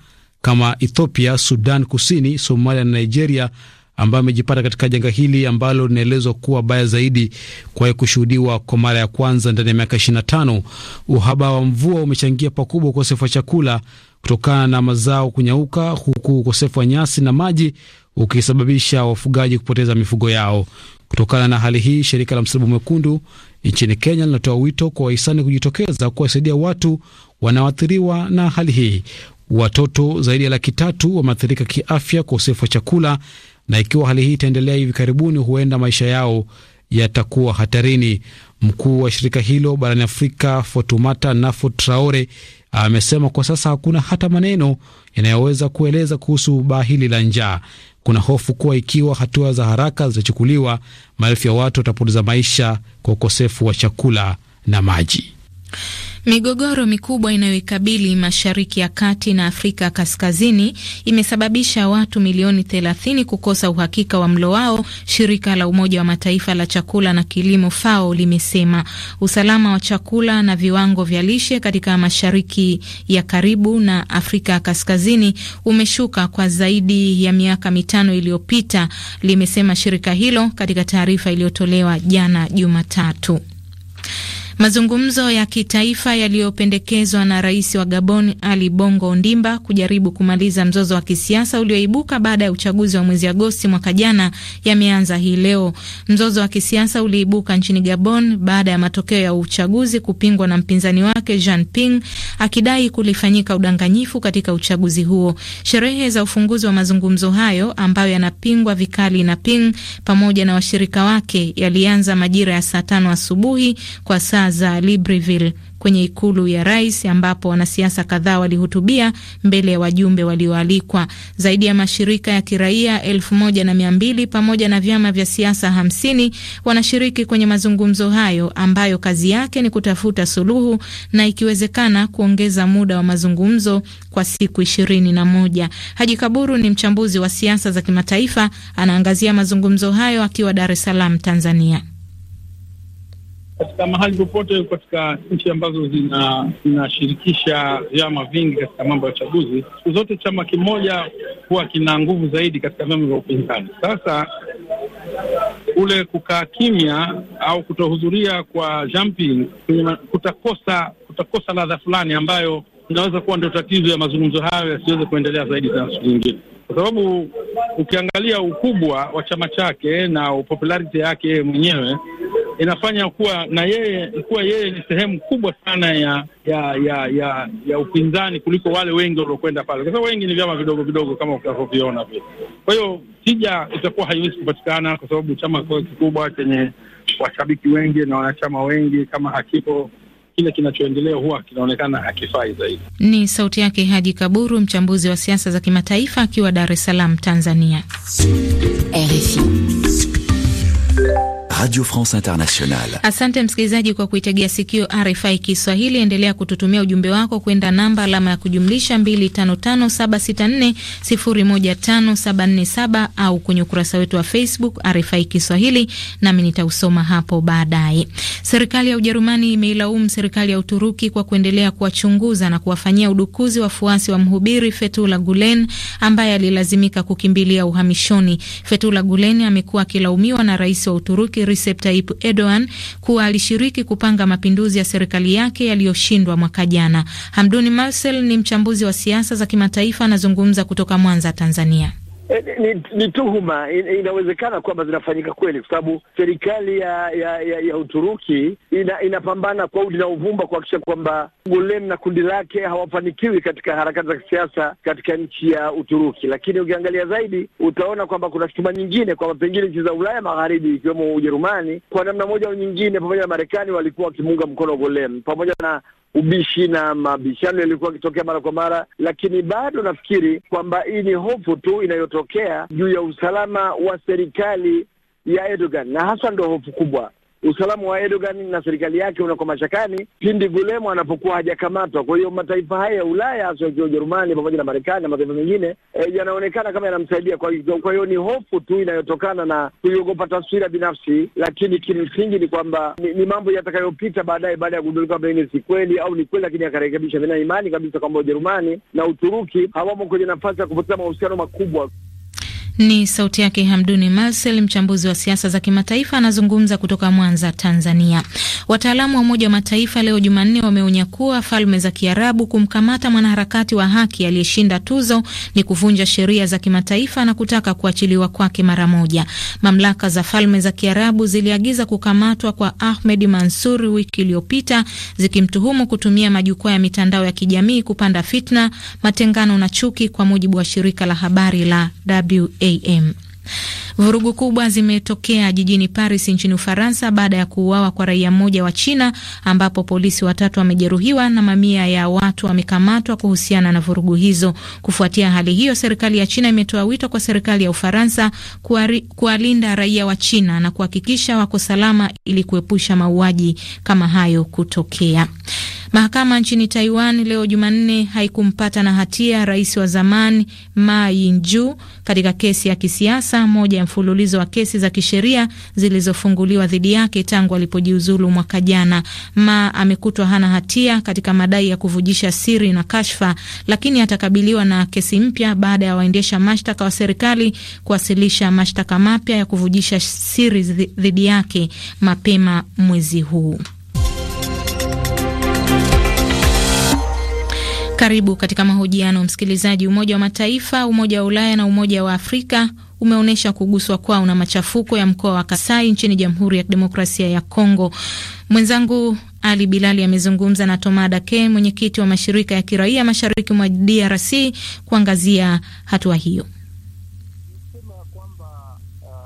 kama Ethiopia, Sudan Kusini, Somalia na Nigeria ambayo amejipata katika janga hili ambalo linaelezwa kuwa baya zaidi kwa kushuhudiwa kwa mara ya kwanza ndani ya miaka 25. Uhaba wa mvua umechangia pakubwa ukosefu wa chakula kutokana na mazao kunyauka, huku ukosefu wa nyasi na maji ukisababisha wafugaji kupoteza mifugo yao. Kutokana na hali hii, shirika la Msalaba Mwekundu nchini Kenya linatoa wito kwa wahisani kujitokeza kuwasaidia watu wanaoathiriwa na hali hii watoto zaidi ya laki tatu wameathirika kiafya kwa ukosefu wa chakula, na ikiwa hali hii itaendelea hivi karibuni, huenda maisha yao yatakuwa hatarini. Mkuu wa shirika hilo barani Afrika Fotumata Nafo Traore amesema kwa sasa hakuna hata maneno yanayoweza kueleza kuhusu baa hili la njaa. Kuna hofu kuwa ikiwa hatua za haraka zitachukuliwa, maelfu ya watu watapoteza maisha kwa ukosefu wa chakula na maji. Migogoro mikubwa inayoikabili Mashariki ya Kati na Afrika Kaskazini imesababisha watu milioni 30 kukosa uhakika wa mlo wao, shirika la Umoja wa Mataifa la chakula na kilimo FAO limesema. Usalama wa chakula na viwango vya lishe katika Mashariki ya Karibu na Afrika Kaskazini umeshuka kwa zaidi ya miaka mitano iliyopita, limesema shirika hilo katika taarifa iliyotolewa jana Jumatatu. Mazungumzo ya kitaifa yaliyopendekezwa na rais wa Gabon Ali Bongo Ondimba kujaribu kumaliza mzozo wa kisiasa ulioibuka baada ya uchaguzi wa mwezi Agosti mwaka jana yameanza hii leo. Mzozo wa kisiasa uliibuka nchini Gabon baada ya matokeo ya uchaguzi kupingwa na mpinzani wake Jean Ping akidai kulifanyika udanganyifu katika uchaguzi huo. Sherehe za ufunguzi wa mazungumzo hayo ambayo yanapingwa vikali na Ping pamoja na washirika wake yalianza majira ya saa tano asubuhi kwa saa za Libreville kwenye ikulu ya rais ambapo wanasiasa kadhaa walihutubia mbele ya wajumbe walioalikwa. Zaidi ya mashirika ya kiraia elfu moja na mia mbili pamoja na vyama vya siasa hamsini wanashiriki kwenye mazungumzo hayo ambayo kazi yake ni kutafuta suluhu na ikiwezekana kuongeza muda wa mazungumzo kwa siku ishirini na moja. Haji Kaburu ni mchambuzi wa siasa za kimataifa, anaangazia mazungumzo hayo akiwa Dar es Salaam, Tanzania katika mahali popote katika nchi ambazo zinashirikisha vyama vingi katika mambo ya uchaguzi, siku zote chama kimoja huwa kina nguvu zaidi katika vyama vya upinzani. Sasa kule kukaa kimya au kutohudhuria kwa jumping kutakosa kutakosa ladha fulani ambayo inaweza kuwa ndio tatizo ya mazungumzo hayo yasiweze kuendelea zaidi sana siku nyingine kwa sababu ukiangalia ukubwa wa chama chake na popularity yake yeye mwenyewe inafanya kuwa na yeye kuwa yeye ni sehemu kubwa sana ya ya ya ya, ya upinzani kuliko wale wengi waliokwenda pale, kwa sababu wengi ni vyama vidogo vidogo kama utakavyoviona vile. Kwa hiyo tija itakuwa haiwezi kupatikana, kwa sababu chama kikubwa chenye washabiki wengi na wanachama wengi kama hakipo kile kinachoendelea huwa kinaonekana hakifai zaidi. Ni sauti yake Haji Kaburu, mchambuzi wa siasa za kimataifa akiwa Dar es Salaam, Tanzania, RFI. Radio France Internationale. Asante msikilizaji kwa kuitegea sikio RFI Kiswahili. Endelea kututumia ujumbe wako kwenda namba alama ya kujumlisha 255764015747 au kwenye ukurasa wetu wa Facebook RFI Kiswahili, nami nitausoma hapo baadaye. Serikali ya Ujerumani imeilaumu serikali ya Uturuki kwa kuendelea kuwachunguza na kuwafanyia udukuzi wafuasi wa mhubiri Fethullah Gulen ambaye alilazimika kukimbilia uhamishoni. Fethullah Gulen amekuwa akilaumiwa na rais wa Uturuki Recep Tayyip Erdogan kuwa alishiriki kupanga mapinduzi ya serikali yake yaliyoshindwa mwaka jana. Hamduni Marcel ni mchambuzi wa siasa za kimataifa, anazungumza kutoka Mwanza, Tanzania. Eh, ni, ni tuhuma inawezekana kwamba zinafanyika kweli, kwa sababu serikali ya ya, ya, ya Uturuki ina, inapambana kwa udi na uvumba kuhakikisha kwamba Gulen na kundi lake hawafanikiwi katika harakati za kisiasa katika nchi ya Uturuki. Lakini ukiangalia zaidi utaona kwamba kuna shutuma nyingine kwamba pengine nchi za Ulaya Magharibi ikiwemo Ujerumani kwa namna moja au nyingine pamoja na Marekani walikuwa wakimuunga mkono Gulen pamoja na ubishi na mabishano yalikuwa akitokea mara kwa mara, lakini bado nafikiri kwamba hii ni hofu tu inayotokea juu ya usalama wa serikali ya Erdogan, na haswa ndo hofu kubwa usalama wa Erdogan na serikali yake unakuwa mashakani pindi Gulemo anapokuwa hajakamatwa. Kwa hiyo mataifa haya ya Ulaya hasa ikiwa Ujerumani pamoja na Marekani na mataifa mengine e, yanaonekana kama yanamsaidia. Kwa hiyo ni hofu tu inayotokana na kuiogopa taswira binafsi, lakini kimsingi ni kwamba ni, ni mambo yatakayopita baadaye, baada ya kugundulika pengine si kweli au ni kweli, lakini akarekebisha. Nina imani kabisa kwamba Ujerumani na Uturuki hawamo kwenye nafasi ya kupoteza mahusiano makubwa. Ni sauti yake Hamduni Marcel, mchambuzi wa siasa za kimataifa, anazungumza kutoka Mwanza, Tanzania. Wataalamu wa Umoja wa Mataifa leo Jumanne wameonya kuwa Falme za Kiarabu kumkamata mwanaharakati wa haki aliyeshinda tuzo ni kuvunja sheria za kimataifa na kutaka kuachiliwa kwake mara moja. Mamlaka za Falme za Kiarabu ziliagiza kukamatwa kwa Ahmed Mansur wiki iliyopita, zikimtuhumu kutumia majukwaa ya mitandao ya kijamii kupanda fitna, matengano na chuki, kwa mujibu wa shirika la habari la w am. Vurugu kubwa zimetokea jijini Paris nchini Ufaransa baada ya kuuawa kwa raia mmoja wa China, ambapo polisi watatu wamejeruhiwa na mamia ya watu wamekamatwa kuhusiana na vurugu hizo. Kufuatia hali hiyo, serikali ya China imetoa wito kwa serikali ya Ufaransa kuwalinda raia wa China na kuhakikisha wako salama ili kuepusha mauaji kama hayo kutokea. Mahakama nchini Taiwan leo Jumanne haikumpata na hatia rais wa zamani Ma yinju katika kesi ya kisiasa, moja ya mfululizo wa kesi za kisheria zilizofunguliwa dhidi yake tangu alipojiuzulu mwaka jana. Ma amekutwa hana hatia katika madai ya kuvujisha siri na kashfa, lakini atakabiliwa na kesi mpya baada ya waendesha mashtaka wa serikali kuwasilisha mashtaka mapya ya kuvujisha siri dhidi yake mapema mwezi huu. Karibu katika mahojiano msikilizaji. Umoja wa Mataifa, Umoja wa Ulaya na Umoja wa Afrika umeonyesha kuguswa kwao na machafuko ya mkoa wa Kasai nchini Jamhuri ya Kidemokrasia ya Kongo. Mwenzangu Ali Bilali amezungumza na Toma Dake, mwenyekiti wa mashirika ya kiraia mashariki mwa DRC kuangazia hatua hiyo.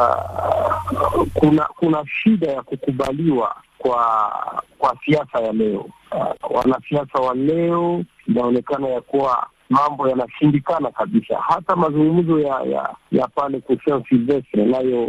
Uh, kuna kuna shida ya kukubaliwa kwa kwa siasa ya leo uh, wanasiasa wa leo inaonekana ya kuwa mambo yanashindikana kabisa. Hata mazungumzo ya ya, ya pale Silvestre nayo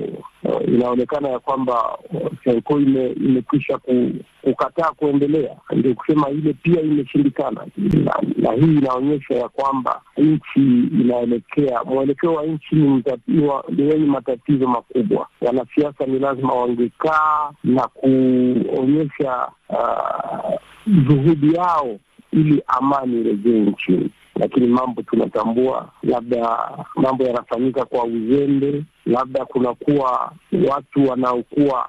uh, inaonekana ya kwamba eh, Senko imekwisha ku, kukataa kuendelea, ndio kusema ile pia imeshindikana, na, na hii inaonyesha ya kwamba nchi inaelekea mwelekeo wa nchi ni wenye matatizo makubwa. Wanasiasa ni lazima wangekaa na kuonyesha uh, juhudi yao ili amani irejee nchini lakini mambo tunatambua, labda mambo yanafanyika kwa uzembe, labda kunakuwa watu wanaokuwa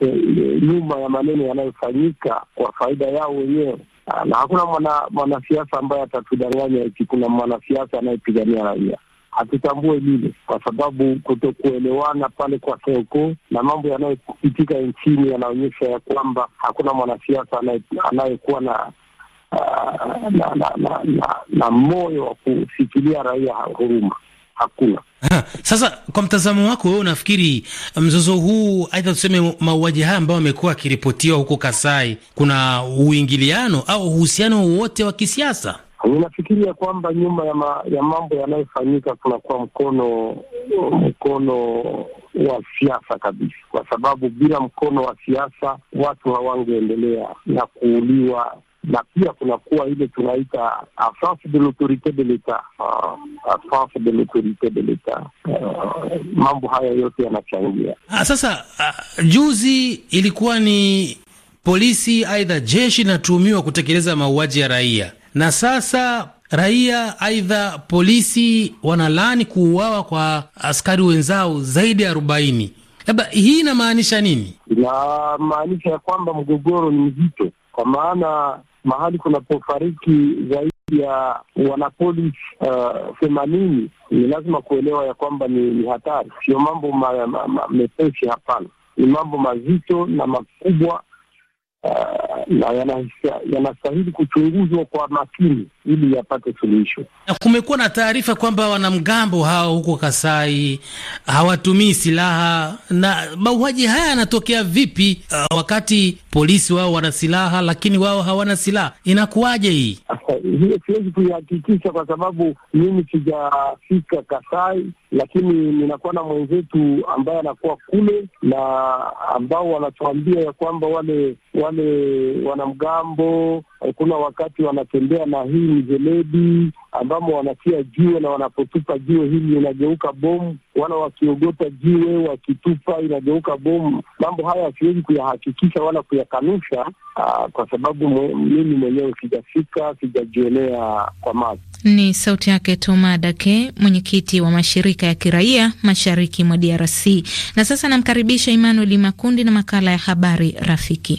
eh, nyuma ya maneno yanayofanyika kwa faida yao wenyewe, ah, na hakuna mwanasiasa mwana ambaye atatudanganya iki kuna mwanasiasa anayepigania raia hatutambue lile kwa sababu kutokuelewana pale kwa soko na mambo yanayopitika nchini yanaonyesha ya kwamba hakuna mwanasiasa anayekuwa na na, na, na, na, na moyo wa kufikiria raia huruma hakuna. Ha, sasa kwa mtazamo wako wewe unafikiri mzozo huu aidha tuseme mauaji haya ambayo amekuwa akiripotiwa huko Kasai kuna uingiliano au uhusiano wowote wa kisiasa? Ninafikiria kwamba nyuma ya, ma, ya mambo yanayofanyika kunakuwa mkono mkono wa siasa kabisa, kwa sababu bila mkono wa siasa watu hawangeendelea na kuuliwa na pia kunakuwa ile tunaita absence uh, de l'autorite de l'etat, absence uh, uh, de l'autorite de l'etat. Mambo haya yote yanachangia. Ah, sasa uh, juzi ilikuwa ni polisi aidha jeshi inatuhumiwa kutekeleza mauaji ya raia, na sasa raia aidha polisi wanalaani kuuawa kwa askari wenzao zaidi ya arobaini. Labda hii inamaanisha nini? Inamaanisha ya kwamba mgogoro ni mzito kwa maana mahali kunapofariki zaidi ya wanapolis uh, themanini, uh, ni lazima kuelewa ya kwamba ni, ni hatari. Sio mambo ma, ma, ma, mepesi. Hapana, ni mambo mazito na makubwa na yanastahili kuchunguzwa kwa makini ili yapate suluhisho. Na kumekuwa na taarifa kwamba wanamgambo hao huko Kasai hawatumii silaha. Na mauaji haya yanatokea vipi, uh, wakati polisi wao wana silaha lakini wao hawana silaha? Inakuwaje hii? Hiyo siwezi kuihakikisha kwa sababu mimi sijafika Kasai, lakini ninakuwa na mwenzetu ambaye anakuwa kule na ambao wanatuambia ya kwamba wale wale wale wanamgambo kuna wakati wanatembea na hii mjeledi ambamo wanatia jiwe, na wanapotupa jiwe hili linageuka bomu, wala wakiogota jiwe wakitupa inageuka bomu. Mambo haya siwezi kuyahakikisha wala kuyakanusha, ah, kwa sababu mimi mwenyewe sijafika, sijajionea kwa macho. Ni sauti yake Toma Dake, mwenyekiti wa mashirika ya kiraia mashariki mwa DRC. Na sasa namkaribisha Emmanuel Makundi na makala ya habari rafiki.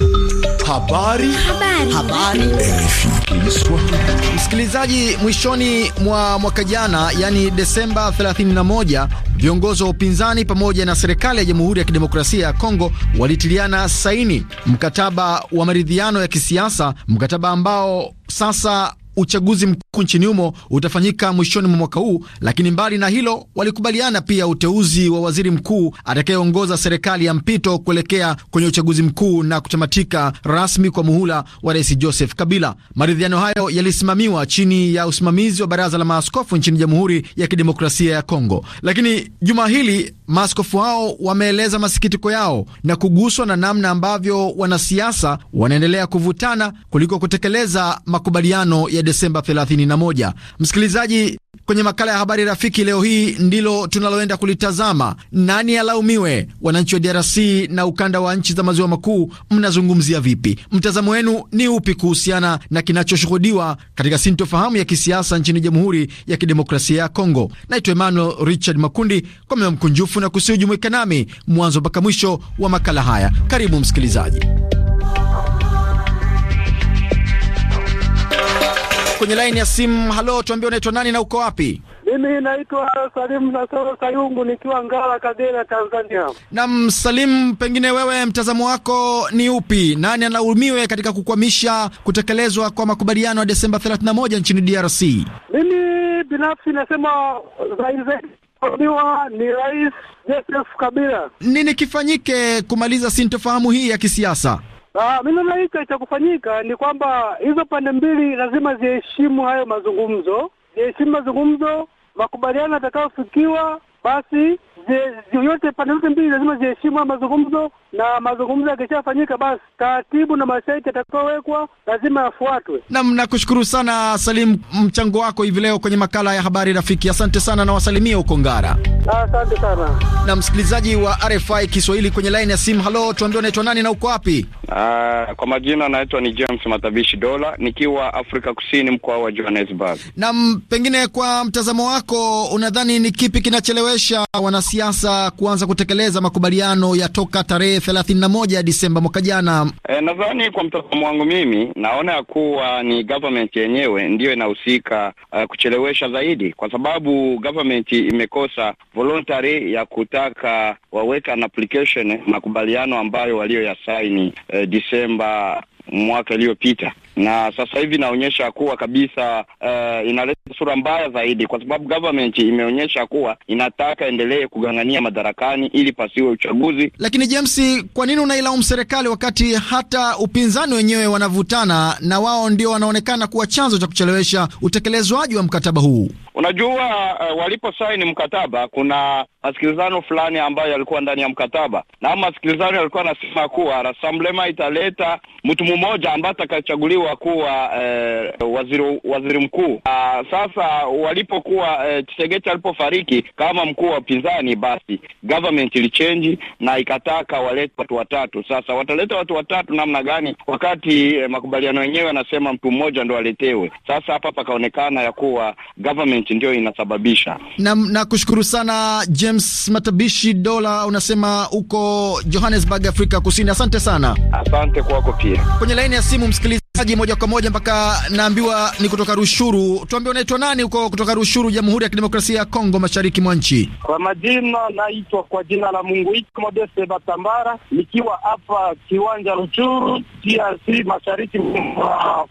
Habari, habari, habari. Msikilizaji, mwishoni mwa mwaka jana, yani Desemba 31, viongozi wa upinzani pamoja na serikali ya Jamhuri ya Kidemokrasia ya Kongo walitiliana saini mkataba wa maridhiano ya kisiasa, mkataba ambao sasa uchaguzi mkuu nchini humo utafanyika mwishoni mwa mwaka huu, lakini mbali na hilo, walikubaliana pia uteuzi wa waziri mkuu atakayeongoza serikali ya mpito kuelekea kwenye uchaguzi mkuu na kutamatika rasmi kwa muhula wa Rais Joseph Kabila. Maridhiano hayo yalisimamiwa chini ya usimamizi wa baraza la maaskofu nchini Jamhuri ya Kidemokrasia ya Kongo, lakini juma hili maaskofu hao wameeleza masikitiko yao na kuguswa na namna ambavyo wanasiasa wanaendelea kuvutana kuliko kutekeleza makubaliano ya ya Desemba 31. Msikilizaji, kwenye makala ya habari rafiki leo hii ndilo tunaloenda kulitazama. Nani alaumiwe? Wananchi wa DRC na ukanda wa nchi za maziwa makuu mnazungumzia vipi? Mtazamo wenu ni upi kuhusiana na kinachoshuhudiwa katika sintofahamu ya kisiasa nchini Jamhuri ya Kidemokrasia ya Kongo? Naitwa Emmanuel Richard Makundi, kwa moyo mkunjufu na kusiujumuika nami mwanzo mpaka mwisho wa makala haya. Karibu msikilizaji. kwenye laini ya simu. Halo, tuambie unaitwa nani na uko wapi? Mimi naitwa Salim Nasoro Sayungu nikiwa Ngara, Kagera, Tanzania. Naam, Salim, pengine wewe mtazamo wako ni upi? Nani alaumiwe katika kukwamisha kutekelezwa kwa makubaliano ya Desemba 31 nchini DRC? Mimi binafsi nasema zaidi iwa ni Rais Joseph Kabila. Nini kifanyike kumaliza sintofahamu hii ya kisiasa? Uh, mimi naika cha kufanyika ni kwamba hizo pande mbili lazima ziheshimu hayo mazungumzo, ziheshimu mazungumzo, makubaliano yatakayofikiwa, basi yote, pande zote mbili lazima ziheshimu hayo mazungumzo, na mazungumzo yakishafanyika, basi taratibu na masharti yatakayowekwa lazima yafuatwe. Nam, nakushukuru sana Salim, mchango wako hivi leo kwenye makala ya habari rafiki. Asante sana nawasalimia huko Ngara. Asante sana. Na msikilizaji wa RFI Kiswahili kwenye laini ya simu, halo, tuambie unaitwa nani na uko wapi? Uh, kwa majina naitwa ni James Matabishi Dola, nikiwa Afrika Kusini, mkoa wa Johannesburg. Nam, pengine kwa mtazamo wako unadhani ni kipi kinachelewesha wanasiasa kuanza kutekeleza makubaliano ya toka tarehe tarehe ya Disemba mwaka jana. E, nadhani kwa mtazamo wangu mimi naona ya kuwa ni government yenyewe ndiyo inahusika uh, kuchelewesha zaidi, kwa sababu government imekosa voluntary ya kutaka waweka an application makubaliano ambayo waliyoyasaini uh, Disemba mwaka iliyopita na sasa hivi inaonyesha kuwa kabisa uh, inaleta sura mbaya zaidi, kwa sababu government imeonyesha kuwa inataka endelee kugang'ania madarakani ili pasiwe uchaguzi. Lakini James, kwa nini unailaumu serikali wakati hata upinzani wenyewe wanavutana na wao ndio wanaonekana kuwa chanzo cha kuchelewesha utekelezwaji wa mkataba huu? Unajua, uh, waliposaini mkataba kuna masikilizano fulani ambayo yalikuwa ndani ya mkataba, na masikilizano yalikuwa anasema kuwa Rassemblement italeta mtu mmoja ambaye atakachaguliwa wa kuwa eh, waziri waziri mkuu. Uh, sasa walipokuwa eh, Chisegeti alipofariki kama mkuu wa upinzani, basi government ilichenji na ikataka walete watu watatu. Sasa wataleta watu watatu namna gani, wakati eh, makubaliano yenyewe anasema mtu mmoja ndo aletewe? Sasa hapa pakaonekana ya kuwa government ndio inasababisha. Na nakushukuru sana James Matabishi Dola, unasema uko Johannesburg, Afrika Kusini. Asante sana. Asante kwako pia. Kwenye laini ya simu msikilizaji Msikilizaji moja kwa moja mpaka naambiwa ni kutoka Rushuru. Tuambie, unaitwa nani huko kutoka Rushuru, Jamhuri ya Kidemokrasia ya Kongo, mashariki mwa nchi? Kwa majina naitwa kwa jina la Mungu Modeste Batambara, nikiwa hapa kiwanja Rushuru, DRC, mashariki mwa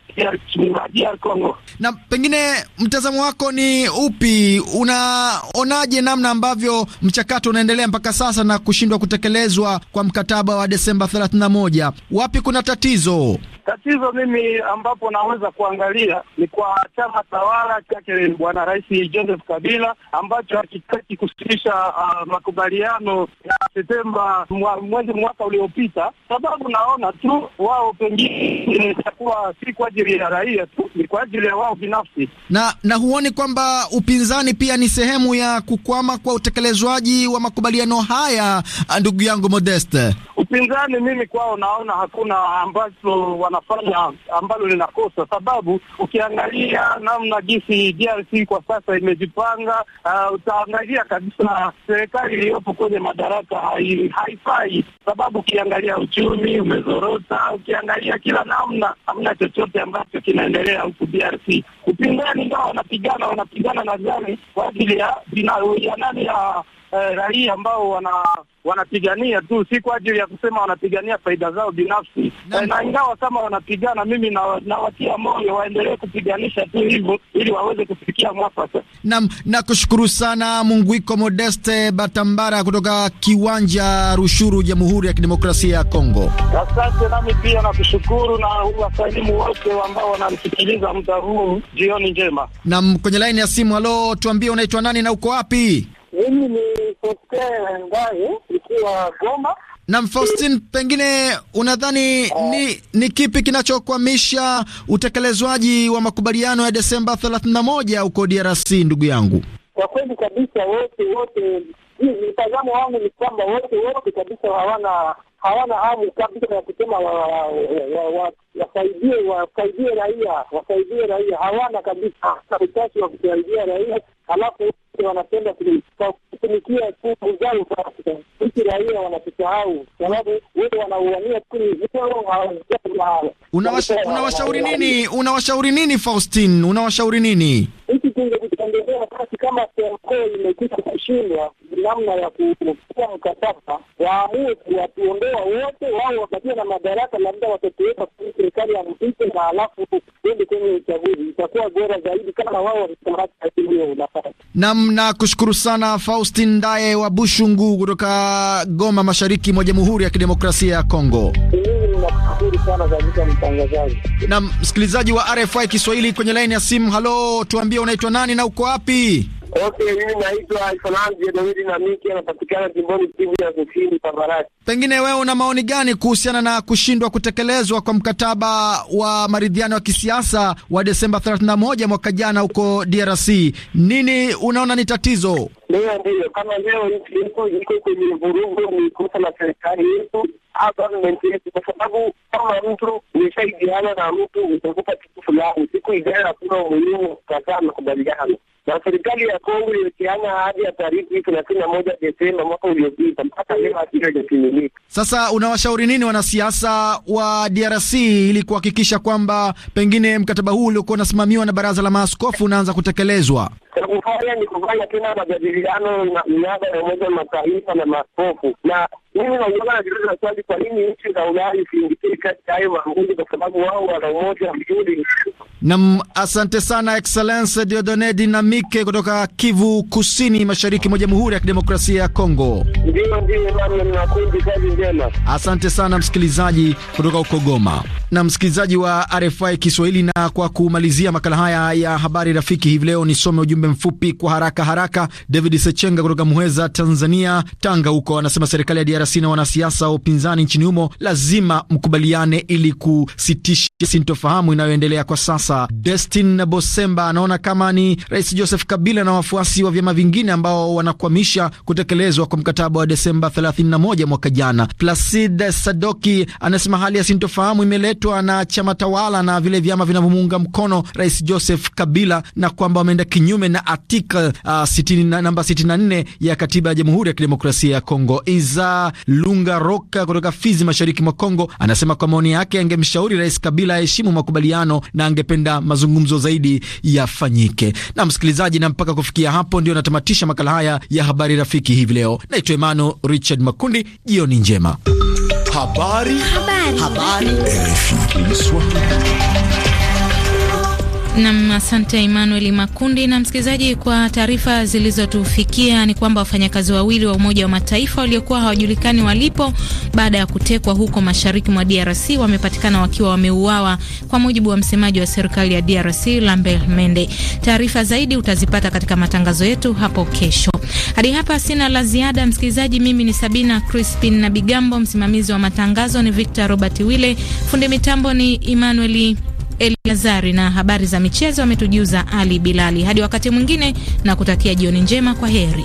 DR Kongo. Na pengine mtazamo wako ni upi? Unaonaje namna ambavyo mchakato unaendelea mpaka sasa na kushindwa kutekelezwa kwa mkataba wa Desemba 31? Wapi kuna tatizo? Tatizo mimi ambapo naweza kuangalia ni kwa chama tawala chake Bwana Rais Joseph Kabila ambacho hakitaki kusitisha uh, makubaliano ya Septemba mwezi mwaka uliopita, sababu naona tu wao pengine itakuwa si kwa ajili ya raia tu, ni kwa ajili ya wao binafsi. Na na huoni kwamba upinzani pia ni sehemu ya kukwama kwa utekelezwaji wa makubaliano haya, ah, ndugu yangu Modeste? Upinzani mimi kwao naona hakuna ambacho wana wanafanya ambalo linakosa, sababu ukiangalia namna jinsi DRC kwa sasa imejipanga, uh, utaangalia kabisa serikali iliyopo kwenye madaraka haifai, sababu ukiangalia uchumi umezorota, ukiangalia kila namna, hamna chochote ambacho kinaendelea huku DRC. Upinzani ndio wanapigana, wanapigana na gani kwa ajili ya ya nani ya eh, raia ambao wana wanapigania tu, si kwa ajili ya kusema wanapigania faida zao binafsi na, eh, na ingawa kama wanapigana, mimi nawatia na moyo waendelee kupiganisha tu hivyo ili waweze kufikia mwafaka. Naam, nakushukuru sana iko Modeste Batambara kutoka kiwanja Rushuru, Jamhuri ya Kidemokrasia ya Kongo. Asante, nami pia nakushukuru na wasalimu wote ambao wanamsikiliza muda huu. Jioni njema. Naam, kwenye laini ya simu, halo, tuambie unaitwa nani na uko wapi? Mimi ni Faustin Ngaye nikiwa Goma. Na Faustin, pengine unadhani ah. ni, ni kipi kinachokwamisha utekelezwaji wa makubaliano ya Desemba 31 huko DRC ndugu yangu? Kwa kweli kabisa wote wote mtazamo wangu ni kwamba wote wote kabisa hawana hawana hamu kabisa ya kusema wasaidie wasaidie raia wasaidie raia, hawana kabisa utashi wa kusaidia raia, halafu wote wanapenda kutumikia nguvu zao basi. raia wanatusahau, sababu wote wanauania tu Unawashauri nini? Unawashauri nini, Faustin? Unawashauri nini? hiki kingekitembelea basi, kama Senko imekwisha kushindwa namna ya kuchukua mkataba, waamue kuwatuondoa wote, wao wapatie na madaraka, labda watatuweka kwenye serikali ya mpito, na halafu tuende kwenye uchaguzi, itakuwa bora zaidi kama wao wamekamata hiyo nafasi. Nam, nakushukuru sana Faustin Ndaye wa Bushungu kutoka Goma, mashariki mwa Jamhuri ya Kidemokrasia ya Kongo. Na msikilizaji wa RFI Kiswahili kwenye laini ya simu, halo, tuambie unaitwa nani na uko wapi? Okay, mimi naitwa Salam Jedawidi na Miki, anapatikana jimboni Kivu ya Kusini, Pabarati. Pengine wewe una maoni gani kuhusiana na kushindwa kutekelezwa kwa mkataba wa maridhiano ya kisiasa wa Desemba 31 mwaka jana huko DRC? Nini unaona ni tatizo? Ndiyo, ndiyo, kama leo nchi yetu iko kwenye vurugu, ni kosa la serikali yetu kwa sababu kama mtu umeshaidiana na mtu utakupa kitu fulani, siku ijayo hakuna umuhimu kazaa na kubaliana na serikali ya Kongo iliwekeana hadi ya tarehe thelathini na moja Desemba mwaka uliopita, mpaka leo hakijakamilika. Sasa unawashauri nini wanasiasa wa DRC ili kuhakikisha kwamba pengine mkataba huu uliokuwa unasimamiwa na baraza la maaskofu unaanza kutekelezwa? na kufanya ni kufanya tena majadiliano na niaba ya Umoja wa Mataifa na maskofu. Na mimi naondoka najiuliza swali, kwa nini nchi za Ulaya isiingikie kati ya hayo makundi, kwa sababu wao wana umoja mzuri. Nam, asante sana Excellence Diodone Dinamike kutoka Kivu Kusini, mashariki mwa Jamhuri ya Kidemokrasia ya Kongo. Ndio, ndio nam, nakundi kazi njema. Asante sana msikilizaji kutoka huko Goma na msikilizaji wa RFI Kiswahili. Na kwa kumalizia makala haya ya habari rafiki hivi leo, nisome ujumbe ujumbe mfupi kwa haraka haraka. David Sechenga kutoka Muheza, Tanzania, Tanga huko, anasema serikali ya DRC na wanasiasa wa upinzani nchini humo lazima mkubaliane ili kusitisha sintofahamu inayoendelea kwa sasa. Destin Bosemba anaona kama ni Rais Joseph Kabila na wafuasi wa vyama vingine ambao wanakwamisha kutekelezwa kwa mkataba wa Desemba 31 mwaka jana. Placid Sadoki anasema hali ya sintofahamu imeletwa na chama tawala na vile vyama vinavyomuunga mkono Rais Joseph Kabila na kwamba wameenda kinyume na na article uh, sitini na, namba 64 ya katiba ya Jamhuri ya Kidemokrasia ya Kongo. Iza Lunga Roka kutoka Fizi, mashariki mwa Kongo, anasema kwa maoni yake angemshauri Rais Kabila aheshimu makubaliano na angependa mazungumzo zaidi yafanyike. Na msikilizaji, na mpaka kufikia hapo ndio natamatisha makala haya ya habari rafiki hivi leo. Naitwa Emmanuel Richard Makundi, jioni njema. Habari. Habari. Habari. Habari. Nam, asante Emmanuel Makundi. Na msikilizaji, kwa taarifa zilizotufikia ni kwamba wafanyakazi wawili wa Umoja wa Mataifa waliokuwa hawajulikani walipo baada ya kutekwa huko mashariki mwa DRC wamepatikana wakiwa wameuawa, kwa mujibu wa msemaji wa serikali ya DRC Lambert Mende. Taarifa zaidi utazipata katika matangazo yetu hapo kesho. Hadi hapa sina la ziada, msikilizaji. Mimi ni Sabina Crispin na Bigambo, msimamizi wa matangazo ni Victor Robert Wille, fundi mitambo ni Emmanuel Eliazari, na habari za michezo ametujuza Ali Bilali. Hadi wakati mwingine, na kutakia jioni njema, kwa heri.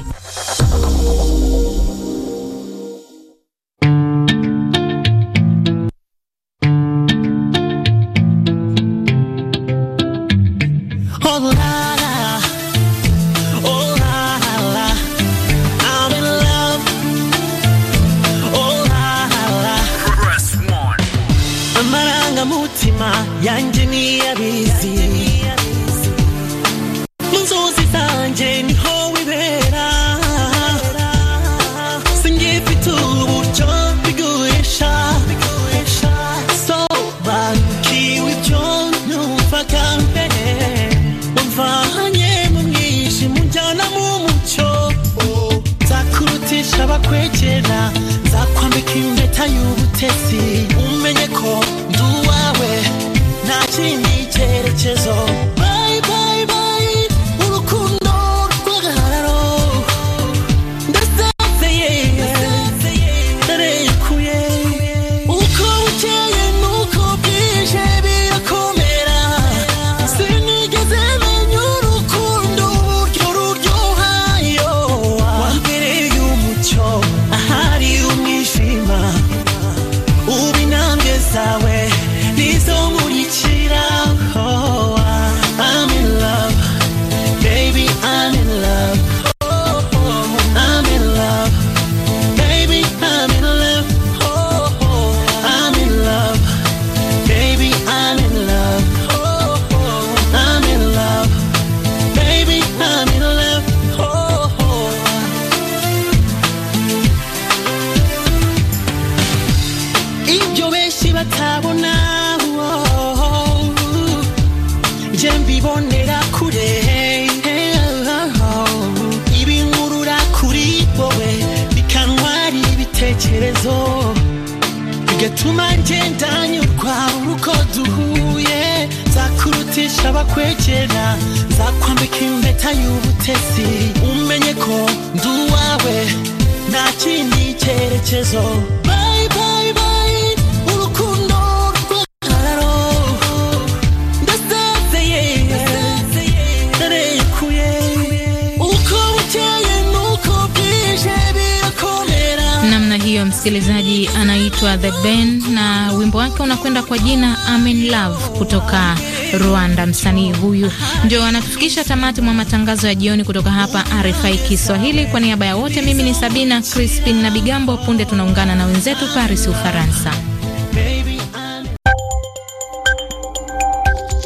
tamati mwa matangazo ya jioni kutoka hapa RFI Kiswahili. Kwa niaba ya wote, mimi ni Sabina Crispin na Bigambo. Punde tunaungana na wenzetu Paris, Ufaransa.